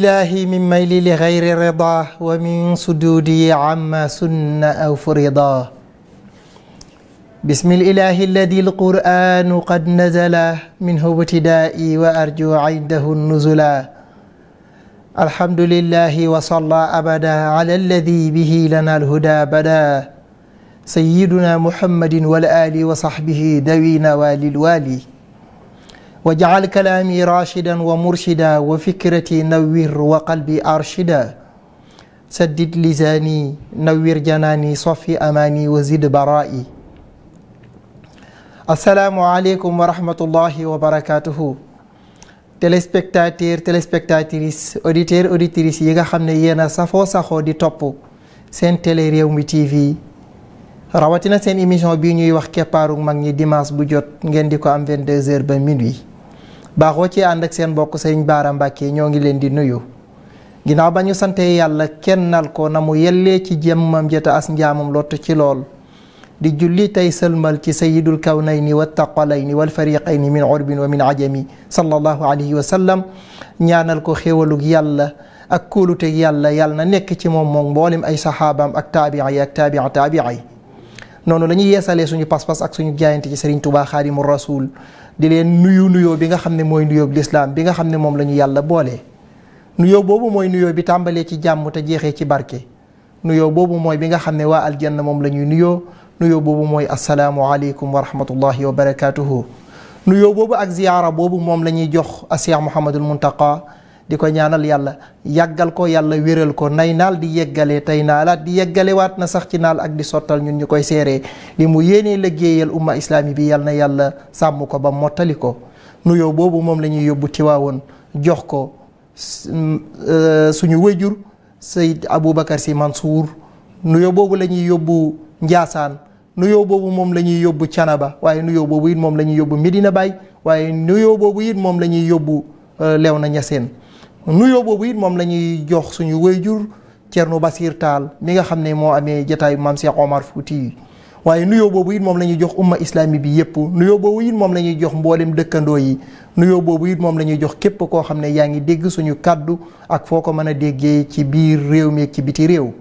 billahi min mayli li gayri rida wa min sududi amma sunna aw furida بسم الإله الذي القرآن قد نزل منه ابتدائي وأرجو عنده النزلا الحمد لله وصلى أبدا على الذي به لنا الهدى بدا سيدنا محمد والآل وصحبه دوين والي الوالي واجعل كلامي راشدا ومرشدا وفكرتي نوّر وقلبي أرشدا سدد لساني نوّر جناني صفي أماني وزد برائي asalaamu aleykum wa rahmatullahi wa barakaatuhu téléspectateur téléspectatrice auditeur auditrice yi nga xam ne yéen a safo saxoo di topp seen télé réew mi TV rawatina seen émission bii ñuy wax keppaaru mag ñi dimanche bu jot ngeen di ko am 22h ba baaxoo ci ànd ak seen mbokk sëriñ Baara Mbàkke ñoo ngi leen di nuyu ginnaaw ba ñu santee yàlla kennal ko na mu yellee ci jëmmam jëta as njaamam lott ci lool di julli tey sëlmal ci sayidul kawnayni wa taqalayni wal fariqayni min urbin wa min ajami sallallahu alayhi wa sallam ñaanal ko xéewalug yàlla ak kóoluteg yàlla yàlla na nekk ci moom moom mboolem ay saxaabam ak taabi'a yi ak taabi'a taabi'a yi noonu la ñuy suñu pas-pas ak suñu jaayante ci sëriñ Tuubaa Xaadimu Rasuul di leen nuyu nuyoo bi nga xam ne mooy nuyoo bi lislaam bi nga xam ne moom la ñu yàlla boole nuyoo boobu mooy nuyoo bi tàmbalee ci jàmm te jeexee ci barke nuyoo boobu mooy bi nga xam ne waa aljanna moom la ñuy nuyoo nuyoo boobu mooy asalaamualeykum wa rahmatullahi wa barakatuhu nuyoo boobu ak ziyaara boobu moom la ñuy jox a Cheikh Mouhamadul di ko ñaanal yàlla yàggal ko yàlla wéral ko nay naal di yeggale tey naalaat di yeggalewaat na sax ci naal ak di sottal ñun ñu koy seeree li mu yéenee liggéeyal umma islaami bi yàlla na yàlla sàmm ko ba mottali ko nuyoo boobu moom la ñuy yóbbu Tiwaawoon jox ko mm, euh, suñu wëjur Seyd Aboubacar Sy Mansour nuyoo boobu la ñuy yóbbu Njaasaan nuyoo boobu moom la ñuy yóbbu Canaba waaye nuyoo boobu it moom la ñuy yóbbu Medina Baye waaye nuyoo boobu it moom la ñuy yóbbu euh, Léona Niassène nuyoo boobu it moom la ñuy jox suñu wéyjur Thierno Basir Tall mi nga xam ne moo amee jataayu maam Cheikh Omar Fouti waaye nuyoo boobu it moom la ñuy jox umma islami bi yëpp nuyoo boobu it moom la ñuy jox mboolem dëkkandoo yi nuyoo boobu it moom la ñuy jox képp koo xam ne yaa ngi dégg suñu kàddu ak foo ko mën a déggee ci biir réew mi ak ci biti réew.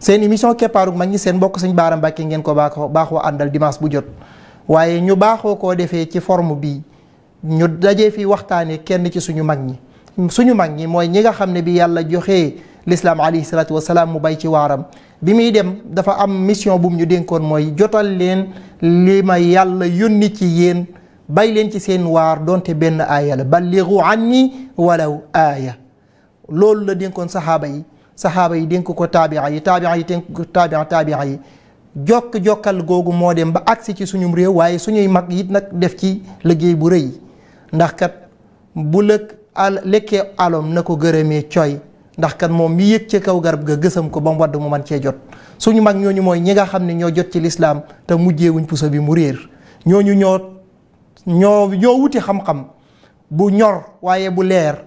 seen émission keppaaru mag ñi seen mbokk Sëñ Baara Mbàkke ngeen ko baaxoo baaxoo àndal dimanche bu jot waaye ñu baaxoo koo defee ci forme bi ñu dajee fi waxtaanee kenn ci suñu mag ñi. suñu mag ñi mooy ñi nga xam ne bi yàlla joxe lislaam alayhi salaatu wasalaam mu bay ci waaram bi muy dem dafa am mission bu ñu dénkoon mooy jotal leen li ma yàlla yónni ci yéen bay leen ci seen waar donte benn aaya la balligu anni walaw aaya loolu la denkoon saxaaba yi saxaaba yi dénk ko taabia yi taabia yi dénk taabia taabia yi jokk jokkal googu moo dem ba agsi ci suñum réew waaye suñuy mag yit nag def ci liggéey bu rëy ndax kat bu lëkk al lekkee alom na ko gërëmee coy ndax kan moom mi yëg ca kaw garab ga gësëm ko ba mu wadd mu man cee jot suñu mag ñooñu mooy ñi nga xam ne ñoo jot ci lislaam te mujjee wuñ puso bi mu réer ñooñu ñoo ñoo ñoo wuti xam-xam bu ñor waaye bu leer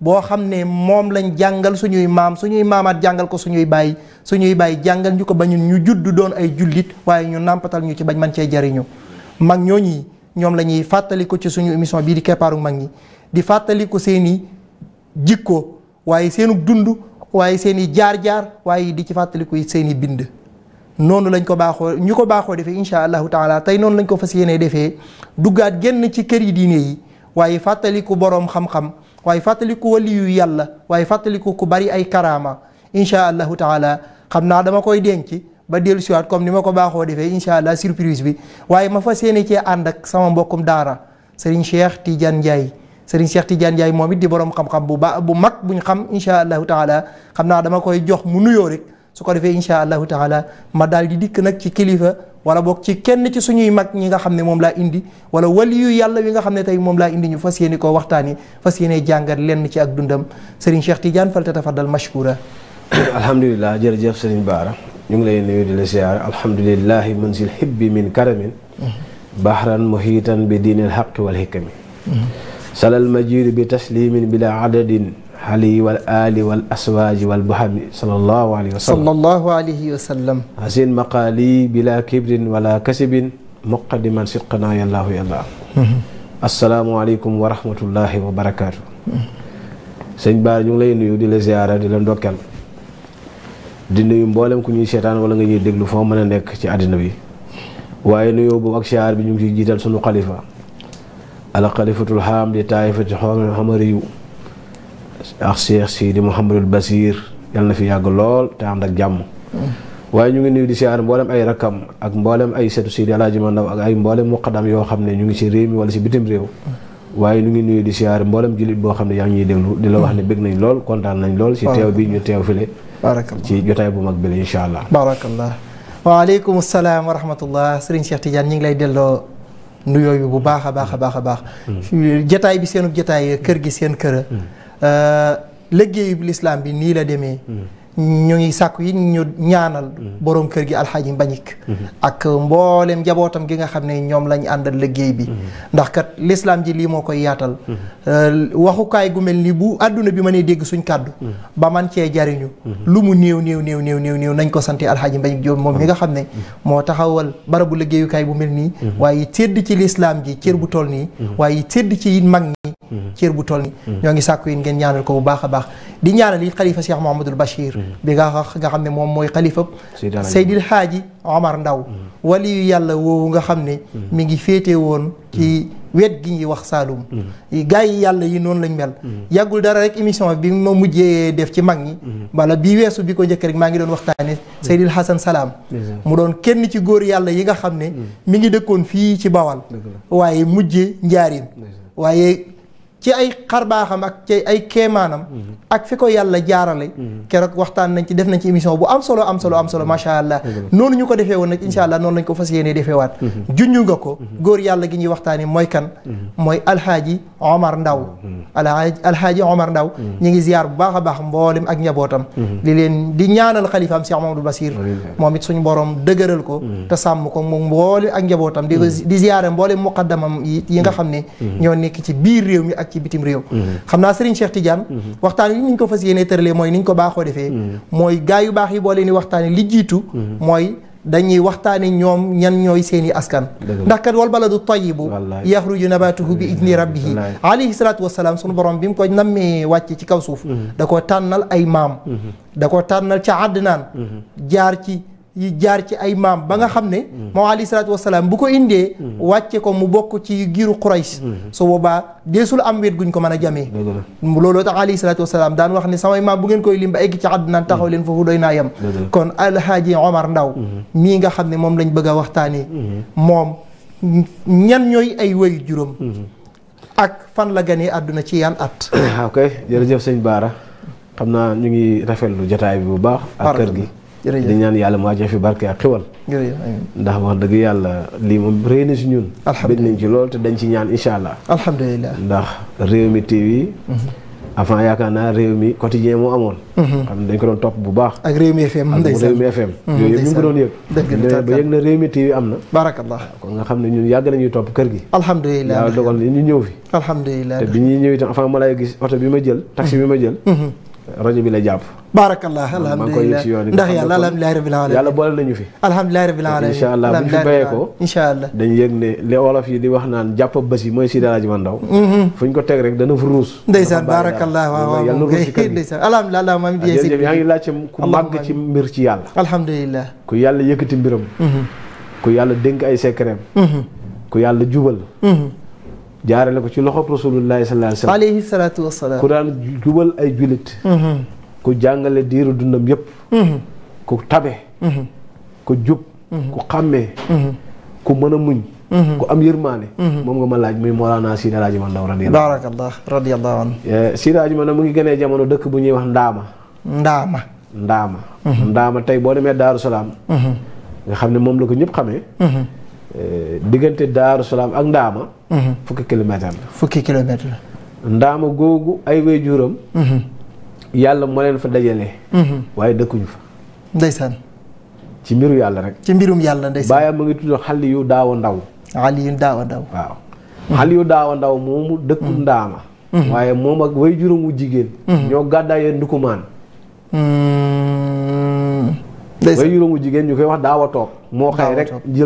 boo xam ne moom lañ jàngal suñuy maam suñuy maamaat jàngal ko suñuy baay suñuy baay jàngal ñu ko ba ñun ñu judd doon ay jullit waaye ñu nàmpatal ñu ci bañ man cee jariñu mag ñooñi ñoom la ñuy fàttali ko ci suñu émission bii di keppaaru mag ñi di fàttaliku seeni jikko waaye seenu dund waaye seeni jaar-jaar waaye di ci fàttaliku seeni bind noonu lañ ko baaxoo ñu ko baaxoo defee incha allahu taala tey noonu lañ ko fas yéenee defee duggaat génn ci kër yi diine waaye fàttaliku boroom xam-xam waaye fàttaliku waliyu yàlla waaye fàttaliku ku bari ay karaama incha allahu taala xam naa dama koy denc ba dellu siwaat comme ni ma ko baaxoo defee incha allah surprise bi waaye ma fa yéene cee ànd ak sama mbokkum daara Serigne Cheikh Tidiane Ndiaye Serigne Cheikh Tidiane Ndiaye moom it di borom xam-xam bu baax bu mag buñ xam incha allahu taala xam naa dama koy jox mu nuyoo rek su ko defee incha allahu taala ma daal di dikk nag ci kilifa wala bokk ci kenn ci suñuy mag ñi nga xam ne moom laa indi wala yu yàlla wi nga xam ne tey moom laa indi ñu fas yéene koo waxtaani fas yéene jàngat lenn ci ak dundam Serigne Cheikh Tidiane fal tatafaddal mashkura alhamdulilah jërëjëf Serigne Baara ñu ngi lay nuyu di la siyaare alhamdulilahi man sil hibbi min karamin mm-hmm. bahran muhitan bi diinil haqi wal hikami mm-hmm. salal majiidu bi taslimin bila adadin xali wal aali wal aswaaji wal buhami sallallahu alayhi wa sallam sallallahu alayhi wa sallam hasin maqaali bila kibrin wala kasibin muqadiman sidqana yallaahu yàlla mhm. asalaamualeykum wa rahmatullahi wa barakaatu sëñ Ba ñu ngi lay nuyu di la ziyaara di la ndokkeel di nuyu mboolem ku ñuy seetaan wala nga ñuy déglu foo mën a nekk ci àddina bi waaye nuyoo boobu ak siyaar bi ñu ngi ciy jiital sunu kalifa alxalifatul haam di taayifati xamari yu ak Cheikh Sidi Mouhamadul Basir yal na fi yàgg lool te ànd ak jàmm waaye ñu ngi nuyu di siyaar mboolem ay rakkam ak mboolem ay setu Sidi Alaaji Mandaw ak ay mboolem muqadam yoo xam ne ñu ngi ci réew mi wala ci bitim réew waaye ñu ngi nuyu di siyaar mboolem jullit boo xam ne yaa ngi ñuy déglu di la wax ne bëgg nañ lool kontaan nañ lool ci teew bi ñu teew file ci jotaay bu mag bi la insha allah barakallah waaleykum nuyoo bu baax a baax a baax a baax. Mm. jataay bi seenub jataay kër gi seen kër. Mm. Euh, liggéeyu lislaam bi nii la demee. Mm. ñu ngi sàkku yi ñu ñaanal borom kër gi alxaaji mbañik ak mboolem njabootam gi nga xam ne ñoom lañu àndal liggéey bi ndax kat lislaam ji lii moo koy yaatal euh, waxukaay gu mel ni bu àdduna bi ne dégg suñ kàddu ba man cee jariñu lu mu néew néew néew néew néew néew nañ ko sante alxaaji Mbagnick Diop moom mi nga xam ne moo taxawal barabu liggéeyukaay bu mel nii mm-hmm. waaye tedd ci lislaam ji cër bu toll nii mm-hmm. waaye tedd ci mag Mhm. cër bu toll ni mhm. ñoo ngi sàkku yi ngeen ñaanal ko bu baax a baax di ñaanal it xalifa Cheikh Mouhamadul Bachir mhm. bi nga nga xam ne moom mooy xalifa Seydil Haaji Omar Ndaw waliyu yàlla woowu nga xam ne mi ngi féete woon ci wet gi ngi wax Saalum gars yi yàlla yi noonu lañ mel yàggul dara rek émission bi ma mujjee def ci mag ñi wala bii weesu bi ko njëkk rek maa ngi doon waxtaane Seydil Hasan Salaam mu doon kenn ci góor yàlla yi nga xam ne mi ngi dëkkoon fii ci Bawal waaye mujje njaarim ci ay xar xarbaaxam ak ci ay kemaanam mm-hmm. ak fi ko yàlla jaarale mm-hmm. keroog waxtaan nañ ci def nañ ci émission bu am solo am solo am solo macha allah mm-hmm. noonu ñu ko defee woon nag incha allah noonu lañ ko fas yéenee defeewaat junju nga ko góor yàlla gi ñuy waxtaani mooy kan mooy alhaaji omar ndaw alhaaji omar ndaw ñu ngi ziyaar bu baax a baax mboolem ak njabootam di leen di ñaanal xalifaam Cheikh Mamadou Basir moom it suñ boroom dëgëral ko te sàmm ko moom mboolem ak njabootam di di ziyaare mboolem muqaddamam yi nga xam ne nekk ci biir réew mi ak ak ci bitim réew mhm. xam naa Serigne Cheikh Tidiane mhm. waxtaan yi ni ñu ko fas yéenee tëralee mooy ni ñu ko baaxoo defee mhm. mooy gaa yu baax yi boo leen di waxtaane li jiitu mooy dañuy waxtaane ñoom ñan ñooy seeni askan ndax kat wal baladu tayibu yaxruju nabatuhu bi idni rabbihi alayhi salaatu wasalaam sunu borom bi mu ko nammee wàcce ci kaw suuf da ko tànnal ay maam da ko tànnal ca àddinaan jaar ci yi jaar ci ay maam ba nga xam ne moom alayhi salaatu bu ko indee wàcce ko mu bokk ci giiru Quraysh su boobaa deesul am wet guñ ko mën a jamee looloo tax alayhi salaatu wasalaam daan wax ne samay maam ngeen koy lim ba egg ci àdduna taxaw leen foofu doy naa yem kon alhaaji Omar Ndaw mm-hmm. mii nga xam ne moom lañ bëgg a waxtaanee mm-hmm. moom ñan ñooy ay wéyu juróom mm-hmm. ak fan la ganee àdduna ci yan at ok jërëjëf sëñ Baara xam naa ñu ngi rafetlu jotaay bi bu baax ak kër gi jërëjëf di ñaan yàlla mu wàccee fi barke ak xiwal. ndax wax dëgg yàlla lii moom rëy na si ñun. alhamdulilah nañ ci lool te dañ ci ñaan incha allah. alhamdulilah ndax réew mi TV. Mhm. avant yaakaar naa réew mi quotidien moo amoon. Mhm. xam ne dañ ko doon bu baax. ak réew mi FM ndeysaan réew mi FM. Mhm, yooyu yëpp ñu ko doon am na. barakallah kon nga xam ne ñun yàgg nañuy topp kër gi. alhamdulilah yàlla dogal na ñu ñëw fi. alhamdulilah te bi ñuy ñëw itam avant ma lay gis oto bi ma jël. taxi bi ma jël. rajo bi la jàpp baarakallah alhamdulilah ndax yàlla alhamdulilahi rabbil alamin yàlla boole nañu fi alhamdulilahi rabbil alamin incha allah bu ñu fi bayee ko incha allah dañu yëg ne li wolof yi di wax naan jàpp bés yi mooy si daraji man ndaw mm-hmm. fu ñu ko teg rek dana fa ruus ndeysaan baarakallah waaw waaw yàlla ruus si kër ndeysaan ah, ku yàlla yëkkati mbiram mm-hmm. ku yàlla dénk ay secret mm-hmm. ku yàlla jubal jaarale ko ci loxo rasulullahi sallallahu alayhi wa sallam alayhi salaatu wa salaam ku daan jubal ay jullit mm-hmm. ku jàngale diiru dundam yëpp mm-hmm. ku tabe mm-hmm. ku jub ku xàmmee ku mën a muñ ku am yërmaane moom nga ma laaj muy Mawlana Sidi Alaaji Man Ndaw radiyallahu barakallah radiyallahu anhu eh, Sidi Alaaji Man mu ngi gënee jamono dëkk bu ñuy wax Ndaama Ndaama Ndaama Ndaama tey boo demee Daaru Salaam nga xam ne moom la ko ñëpp xamee diggante Daaru Salaam ak Ndaama. Mhm. fukki kilomètre la. fukki kilomètre la. Ndaama googu ay waajuram. Mhm. yàlla moo leen fa dajale. Mhm. waaye dëkkuñu fa. ndeysaan. ci mbiru yàlla rek. ci mbirum ngi tudd xali yu daaw a ndaw. xali yu daaw a ndaw. waaw xali yu moomu dëkku Ndaama. waaye moom ak waajuram wu jigéen. ñoo gàddaayee ndukumaan. Mm. way juróomu jigéen ñu koy wax daaw a toog moo xëy rek mm-hmm.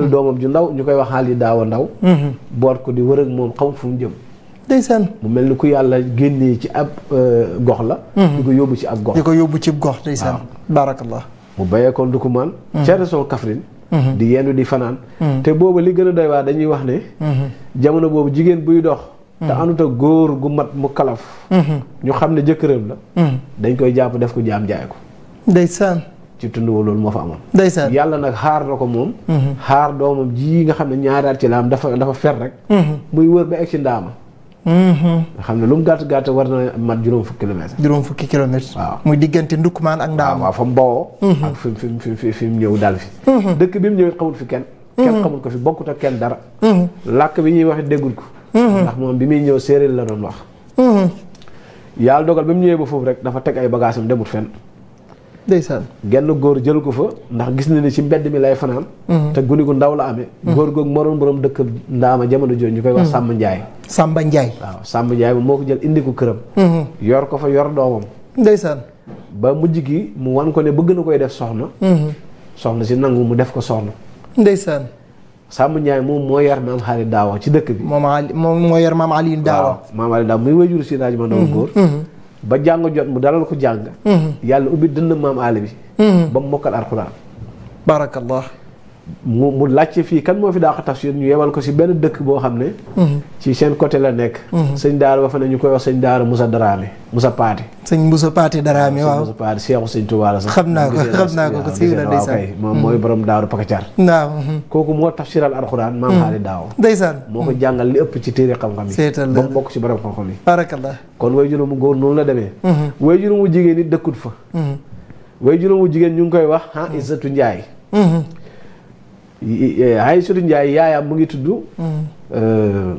ju ndaw ñu koy wax a ndaw mm-hmm. boot ko di wër ak moom xam fu mu jëm mu mel ni ku yàlla génnee ci ab euh, gox la mm-hmm. di ko yóbbu ci ab gox di ko yóbbu ci gox ndeysaan barakallah mu bayeekoon ko man ca région Kaffrine di yendu di fanaan te booba li gën a doy waa dañuy wax ne jamono boobu jigéen buy dox te anuta góor gu mat mu kalaf ñu xam ne jëkkëram la dañ koy jàpp def ko jaam jaay ko ndeysaan ci tund wa loolu moo fa amoon. ndeysaan yàlla nag xaar na ko moom. Mm-hmm. xaar doomam ji nga xam ne ñaaraat ci laam dafa dafa fer rek. Mm-hmm. muy wër ba egg si ndaama. Mm-hmm. nga xam ne lu mu gàtt gàtt war na mat juróom fukki kilomètre. juróom fukki kilomètre. waaw muy diggante ndukkumaan ak ndaama. waaw fa mu bawoo. ak fi mu fi fi fi mu ñëw daal fi. dëkk bi mu ñëwee xamul fi kenn. kenn xamul ko fi bokkut ak kenn dara. làkk bi ñuy wax déggul ko. ndax moom bi muy ñëw séeréer la doon wax. yàlla dogal ba mu ñëwee ba foofu ndeysaan genn góor jël ko fa ndax gis na ni ci mbedd mi lay fanaan mhm. te guni gu ndaw la amee mhm. góor googu moroom borom dëkk ndaama jamono jooju ñu koy wax mhm. moo ko jël indi ko këram yor ko fa yor doomam ndeysaan mu wan ko ne bëgg na koy def soxna soxna si nangu mu def ko soxna ndeysaan Samba Ndiaye moom moo yar maam xaali daawa ci dëkk bi moom moo yar maam Aliou daawa muy wajur si ma ndaw góor ba jàng jot mu dalal ko jàng. Mm-hmm. yàlla ubbi dënn maam aale mm-hmm. ba mokkal alxuraan. barakallah. mu mu laajte fii kan moo fi daa ko tafsir ñu yemal ko si benn dëkk boo xam ne. Mhm. ci seen côté la nekk. Mhm. sëñ Daara ba fa ne ñu koy wax sëñ Daara Moussa Daraame Moussa Paate. sëñ Moussa Paate Daraame waaw Moussa Paate seexu sëñ Tuubaa la sax. xam naa ko xam naa ko ko siiw la ndeysaan moom mooy mhm. borom Daaru Pakacar. waaw. kooku moo tafsiral alxuraan. maam xaali daaw. ndeysaan moo ko jàngal li ëpp ci téere xam-xam yi. seetal la ba mu bokk ci borom xam-xam yi. barakallah kon way juróom mu góor noonu la demee. way juróom mu jigéen it dëkkut fa. way juróom mu jigéen ñu Aïssatou Ndiaye yaayam mu ngi tudd. Mm. Euh,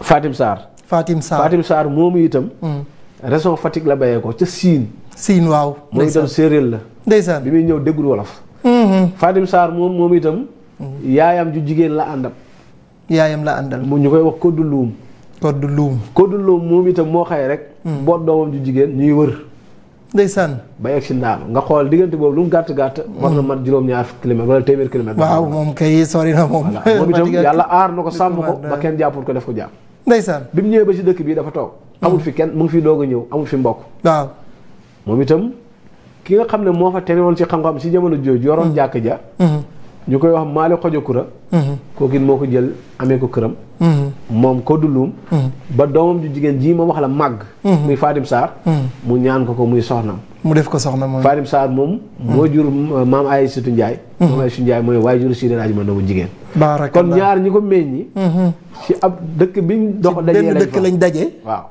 Fatim Sarr. Fatim Sarr Fatim Sarr moomu itam. Mm. région Fatick la bayee ko ca Siin. Siin waaw. moom itam séeréer la. ndeysaan bi muy ñëw déggul wolof. Mm-hmm. Fatim Sarr moom moom itam. Mm. yaayam ju jigéen la àndal. yaayam la àndal mu ñu koy wax koddu luum. koddu luum koddu luum moom itam moo xëy rek. boot doomam ju jigéen ñuy wër. ndeysaan ba egg si ndaam nga xool diggante boobu lu mu gàtt gàtt war na mm. mat juróom-ñaar kilomètre wala téeméer kilomètre waaw moom kay sori moom itam yàlla aar na ko sàmm ko ba kenn jàppul ko def ko jàpp ndeysaan bi mu ñëwee ba si dëkk bii dafa toog mm. amul fi kenn mu ngi fi doog a ñëw amul fi mbokk waaw moom itam ki nga xam ne moo fa tenewoon ci xam-xam si jamono jooju yoroon mm. jàkk ja mm-hmm. ñu koy wax maale xojo kura kooku it moo ko jël amee ko këram mm-hmm. moom ko dulluum mm-hmm. ba doomam ju jigéen ji ma wax la màgg mm-hmm. muy Fatim Sarr mu ñaan ko ko muy soxnam mu def ko soxna moom Fatim Sarr moom moo jur maam Aysatu Njaay maam Aysatu Njaay mooy waay jur Sidi Aji Mandoobu jigéen kon ñaar ñi ko meññi ci ab dëkk biñ dox dajee lañ dëkk waaw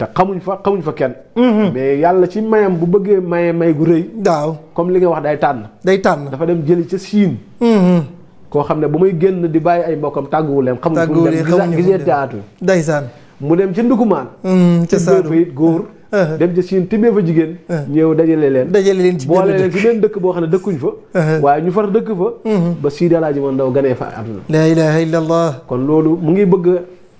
te xamuñ fa xamuñ fa kenn. Mhm. mais yàlla ci mayam bu bëggee maye may gu rëy. daaw comme li nga wax day tànn. day tànn dafa dem jëli ca Chine. Mhm. koo xam ne bu muy génn di bàyyi ay mbokkam tàgguwu leen. tàgguwu leen xamuñ gisee théâtre ndeysaan mu dem ci ndukumaan. Mhm, ca Saalum tibbee fa it góor. Uh-huh. dem ca Chine tibbee fa jigéen. Uh-huh. ñëw dajale leen. dajale leen ci benn dëkk boole leen ci boo xam ne dëkkuñ fa. Uh-huh. waaye ñu far dëkk fa. ba Sidi Alaaji Mandaw ganee fa àdduna. la ilaha illallah. kon loolu mu ngi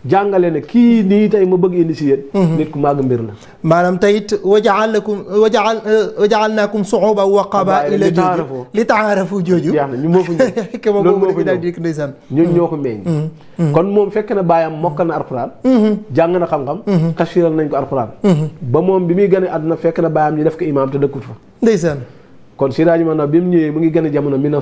jàngale ne kii nii tey ma bëgg indi si yéen mhm. nit ku màgg mbir la maanaam tayit wajaalakum wajaal wajaalnaakum suuba wa qabaila jooju li a jooju jeex na ñu moo ko ñëw ke moom moo ko daal di ndeysaan ñun mhm. ñoo ko meññ mhm. kon moom fekk na baayam mokkal na alxuraan jàng na xam-xam tafsiral nañ ko alxuraan ba moom bi muy gën a àdduna fekk na baayam ñu def ko imaam te dëkkut fa ndeysaan kon Siraaji maanaam bi mu ñëwee mu ngi gën a jamono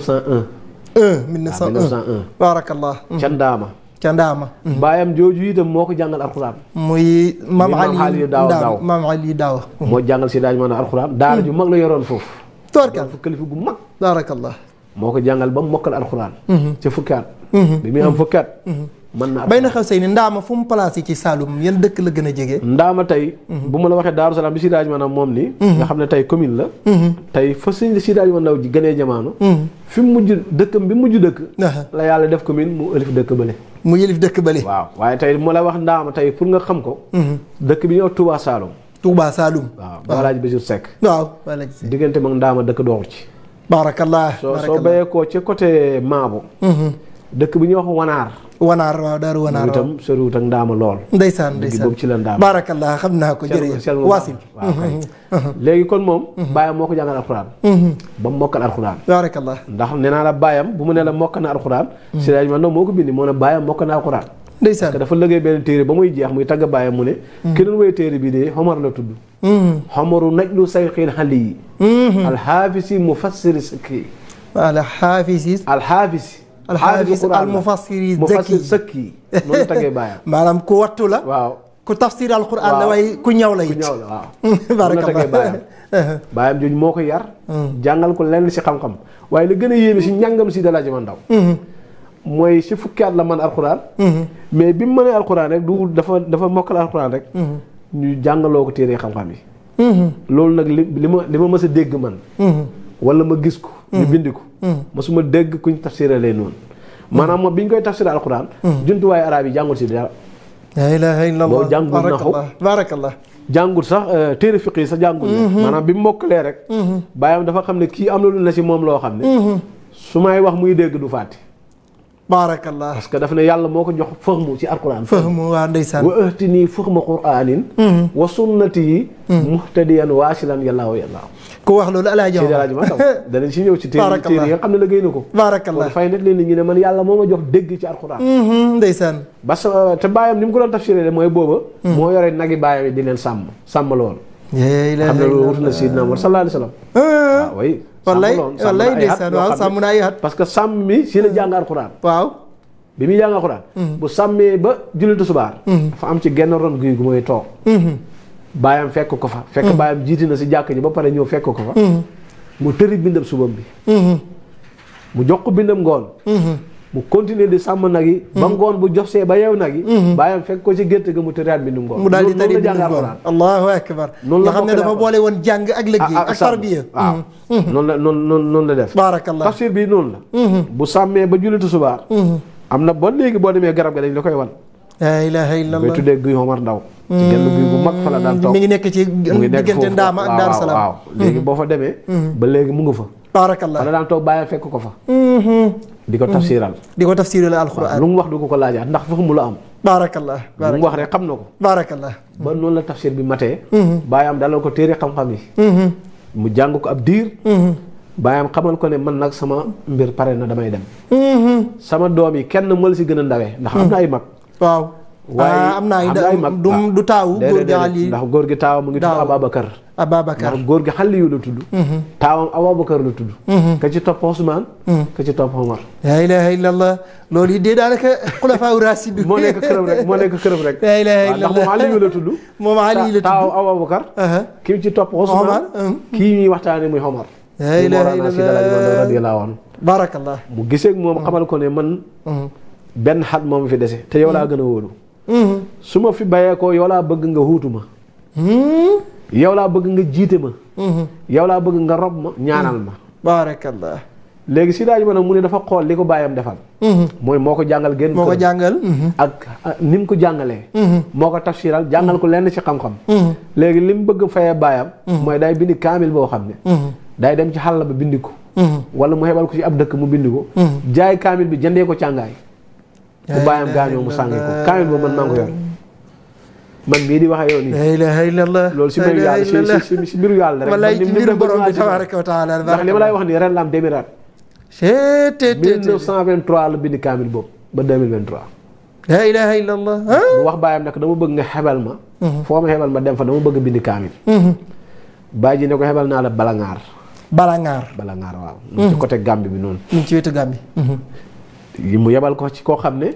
ah, baarakallah ca Ndaama ca ndaama baayam jooju itam moo ko jàngal alxuraan muy maam ali daaw daaw maam ali daaw moo jàngal si daaj maanaam alxuraan daara ju mag la yoroon foofu toorkal fu kalifa gu mag baarakallah moo ko jàngal ba mu mokkal alxuraan mhm. ca fukkaat mhm. bi muy am fukkaat mhm. mën naa bay na xew say ni ndaama fu mu placé ci Saloum yan dëkk la gën a jege. ndaama tey. bu ma la waxee Daaru Salaam bi Sidaaj maanaam moom ni mhm. nga xam ne tey commune la. Mhm. tey fa si Sidaaj ma ndaw ji gënee mhm. fi mu mujj dëkkam bi mujj dëkk. la yàlla def commune mu ëlif dëkk bële. mu yëlif dëkk bële. waaw waaye tey mu la wax ndaama tey pour nga xam ko. dëkk bi ñëw Touba Saloum. Touba Saloum. waaw ba Alaaji Basiir Seck. waaw diggante mag ndaama dëkk dooru ci. baarakallah soo soo bayee koo ci côté Maabo. bi ñuy wax Wanaar. wanaar waaw daaru wanaar waaw itam soriwut ak ndaama lool. ndeysaan ndeysaan boobu ci la ndaama. baarakallah xam naa ko jërëjëf waasin uh-huh. léegi kon moom. Uh-huh. baayam moo ko jàngal alxuraan. Uh-huh. ba mu mokkal alxuraan. baarakallah ndax nee naa la baayam bu mu ne la mokk na alxuraan. si laaj ma non moo ko bindi moo ne baayam mokk na alxuraan. ndeysaan dafa lëggee benn téere ba muy jeex muy tagg baayam mu ne. ki doon woy téere bi de xomar la tudd. xomaru najlu sayxil xali yi. alxaafisi mufassiri sikki. alxaafisi. alxaafisi. alxaafis almufassiri zakki noonu tagee baayam maanaam ku wattu la waaw ku tafsir alquran la waaye ku ñaw la it waaw baayam jooju moo ko yar hmm. jàngal ko lenn si xam-xam waaye li gën a yéeme si njàngam si dalaa jëma ndaw hmm. mooy si fukki at la man alquran hmm. mais bi mu mënee alquran rek du dafa dafa mokkal alquran rek ñu jàngaloo ko téere xam-xam yi loolu nag li li ma li ma mës a dégg man wala ma gis ko. ñu mm. bind ko. Mm. mosuma dégg kuñ tafsiralee noonu. Mm. maanaam moom bi ñu koy tafsir alquran. jumtuwaayu arab yi jàngul si dara. la ilaha illallah boo jàngul naxu barakallah sax euh, téere fiq yi sax jàngul. Mm-hmm. maanaam bi mu mokkalee rek. Mm-hmm. baayam dafa xam ne kii am na lu ne si moom loo xam ne. Mm-hmm. su may wax muy dégg du fàtte. baarakallah parce que daf ne yàlla moo ko jox fahmu ci alquran. fahmu waa ndeysaan wa ëhti nii fahma quraanin. wa sunnati. muhtadiyan waasilan yàllaahu yàllaahu ku wax loolu El Hadj Omar danañ si ñëw ci téere téere yi nga xam ne liggéey na ko baarakallah dafay net leen nit ñi ne man yàlla moo sàmmee ba julli tisbaar mm. dafa am ci genn ron guy gu mooy toog mm-hmm. baayam fekk ko fa fekk mm. baayam jiiti na si jàkk ji ba pare ñëw fekk ko fa mm-hmm. mu tëri bindam subam bi mm-hmm. mu jox ko bindam ngoon mm-hmm. mu continuer di sàmm nag yi ba ngoon bu jox see ba yeew nag yi baayam fekk ko ci gétt ga mu tëraat bindum ngoon mu daal di tëri bindum ngoon allahu akbar noonu la xam ne dafa boole woon jàng ak liggéey ah, ah, ak tarbiya waaw ah. noonu la noonu noonu noonu la def barakallah tafsir bi noonu la bu sàmmee ba jullitu subaar am na ba léegi boo demee garab ga dañ la koy wan la ilaha illallah bay tuddee Guy Omar Ndaw ci genn guy bu mag fa la daan mm. toog mi ngi nekk ci diggante Ndaama ak Daaru Salaam waaw mm. boo fa demee mm. ba léegi mu nga fa barakallah la daan toog fekk ko fa mm-hmm. di ko mm-hmm. tafsiral di ko tafsiral alquran lu mu wax du ko ko laajaat ndax fahmu la am barakallah lu mu wax rek xam na ko barakallah ba noonu la tafsir bi matee mm-hmm. bàyyi am dalal ko téere xam-xam yi mu jàng ko ab diir baayam xamal ko ne man nag sama mbir pare na damay dem sama doom yi kenn mël si gën a ndawe ndax am na ay mag waaw. waaye ah, am naa yi du ah, du taawu. góor gi Ali ndax gi taawam mu ngi tudd Ababacar. Ababacar ndax góor gi xal yu la tudd. Mhm. taawam Ababacar la tudd. Mhm. ka ci topp Ousmane. Mhm. ka ci topp Omar. laa ilaaha illallah loolu yi dee daanaka xulafaaw raasi bi. moo nekk këram rek moo nekk këram rek. laa ilaaha illallah ndax moom Aliou la tudd. moom Aliou la tudd taawam Ababacar. Uh-huh. Uh-huh. muy Omar. laa mu mën a mu gisee ak man. Uh-huh. benn xat moom fi dese te yow laa gën a wóolu mm-hmm. su ma fi bayee ko yow laa bëgg nga huutu ma mm-hmm. yow laa bëgg nga jiite ma mm-hmm. yow laa bëgg nga rob ma ñaanal ma baarakallah léegi si daaj ma nag mu ne dafa xool li ko baayam defal mooy moo ko jàngal génn moo ko jàngal ak ni mu ko jàngalee moo ko tafsiral jàngal ko lenn ci xam-xam léegi li mu bëgg fayee baayam mooy day bindi kaamil boo xam ne day dem ci xàll ba bindi ko wala mu xebal ko ci ab dëkk mu bindi ko jaay bu bàyyam gaañoo mu sànni ko kaamil boobu man maa ngi man mii di wax ak yow nii. la ilaha illallah loolu si mbiru yàlla si si si mbiru yàlla rek. wa taala ndax li ma lay wax nii ren la am demiraat. c'est 1923 la bind kaamil boobu ba la ilaha illallah. mu wax bàyyam nag dama bëgg nga xebal ma. Mhm. foo ma xebal ma dem fa dama bëgg bind kaamil. Mhm. bàyyi ji ne ko xebal naa la balangaar. balangaar balangaar waaw. Mhm. ci côté Gambie bi noonu. ci wetu Gambie. mu yebal ko ci koo xam ne.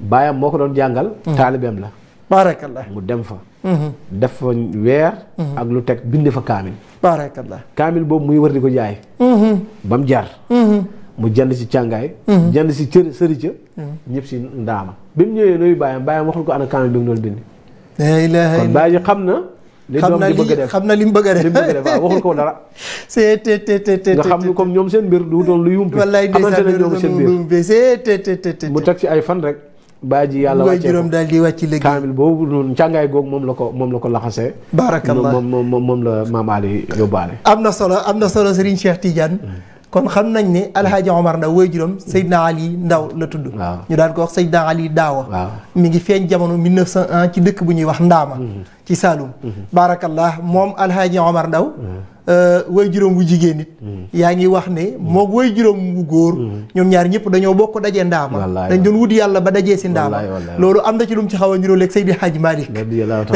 baayam moo ko doon jàngal. taalibeem la. baarakallah mu dem fa. Mhm. def fa weer. Mhm. ak lu teg bind fa kaamil. baarakallah kaamil boobu muy wër di ko jaay. Mhm. ba mu jar. mu jënd si càngaay. jënd si cër sërica. ñëpp si ndaama. bi mu ñëwee nuyu baayam baayam waxul ko ana kaamil bi mu doon bind. kon baay ji xam na. xam na li xam na li mu bëgg a def waxul ko dara. c'est te te te te nga xam comme ñoom seen mbir du doon lu yumpi. wallaay xamante ne ñoom seen mbir c'est mu teg ci ay fan rek. baa ji yàlla wàccee juróom daal di wàcc léegi kaamil boobu noonu càngaay googu moom la ko moom la ko laxasee. baarakallah moom moom moom la maam Ali yóbbaale. am na solo am na solo Serigne Cheikh tiijan mm. kon xam nañ ne alhaaji omar ndaw way juróom Seydina Ali ndaw la tudd ñu daan ko wax Seydina Ali daawa mi ngi feeñ jamono 1901 ci dëkk bu ñuy wax ndaama mhm. ci Saloum mhm. baarakallah moom alhaaji omar ndaw mhm. euh, way juróom bu jigéen nit yaa ngi wax ne moo way juróom bu góor ñoom ñaar ñëpp dañoo bokk dajee ndaama dañ doon wut yàlla ba dajee si ndaama loolu am na ci lu mu ci xaw a niróo leeg Seydi Hadji Malick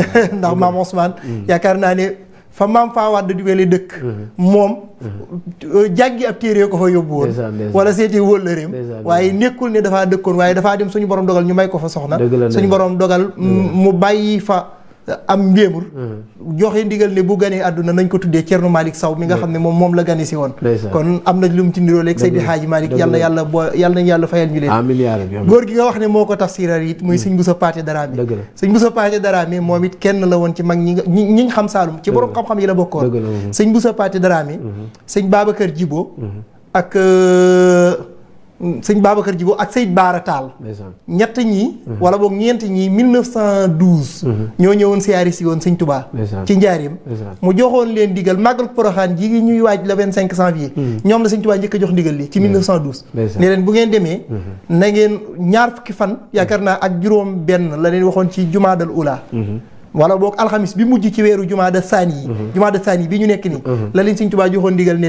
ndax maam Ousmane yaakaar naa ne fa maam faa wadd di weli dëkk mhm. moom mhm. Euh, jàggi ab téere ko fa yóbbu woon wala seeti wóllëreem waaye nekkul ne dafaa dëkkoon waaye dafaa dem suñu borom dogal ñu may ko fa soxna suñu borom dogal mhm. mu bàyyi fa am njéemur mhm. joxe ndigal ne bu ganee àdduna nañ ko tuddee Thierno Malick Sow mi nga xam ne moom moom la gane si woon kon am na lu mu ci niróoleeg Seydi Hadji Malick yal na yàlla boo yal nañ yàlla fayal ñu leen góor gi nga wax ne moo ko tafsiral it muy mm. sëñ Bousso Pathé Darame sëñ Bousso Pathé Darame moom it kenn la woon ci xam Saalum ci borom xam-xam yi la bokkoon mhm. mhm. ak euh, sëñ Babacar Djibo ak Seyd Baara Taal ñett ñi mhm. wala boog ñeent ñi 1912 mhm. ñoo ñëwoon siyaari si woon sëñ Touba ci njaarim mu joxoon leen digal màggal Poroxaan ji ñuy waaj le 25 janvier mhm. ñoom la sëñ Touba njëkk a jox ndigal li ci 1912 ne leen bu ngeen demee na ngeen ñaar fukki fan yaakaar naa ak juróom benn la leen waxoon ci jumaadal ula wala boog alxamis bi mujj ci weeru jumaada saani yi jumaada saani yi bi ñu nekk nii la leen sëñ Touba joxoon ndigal ne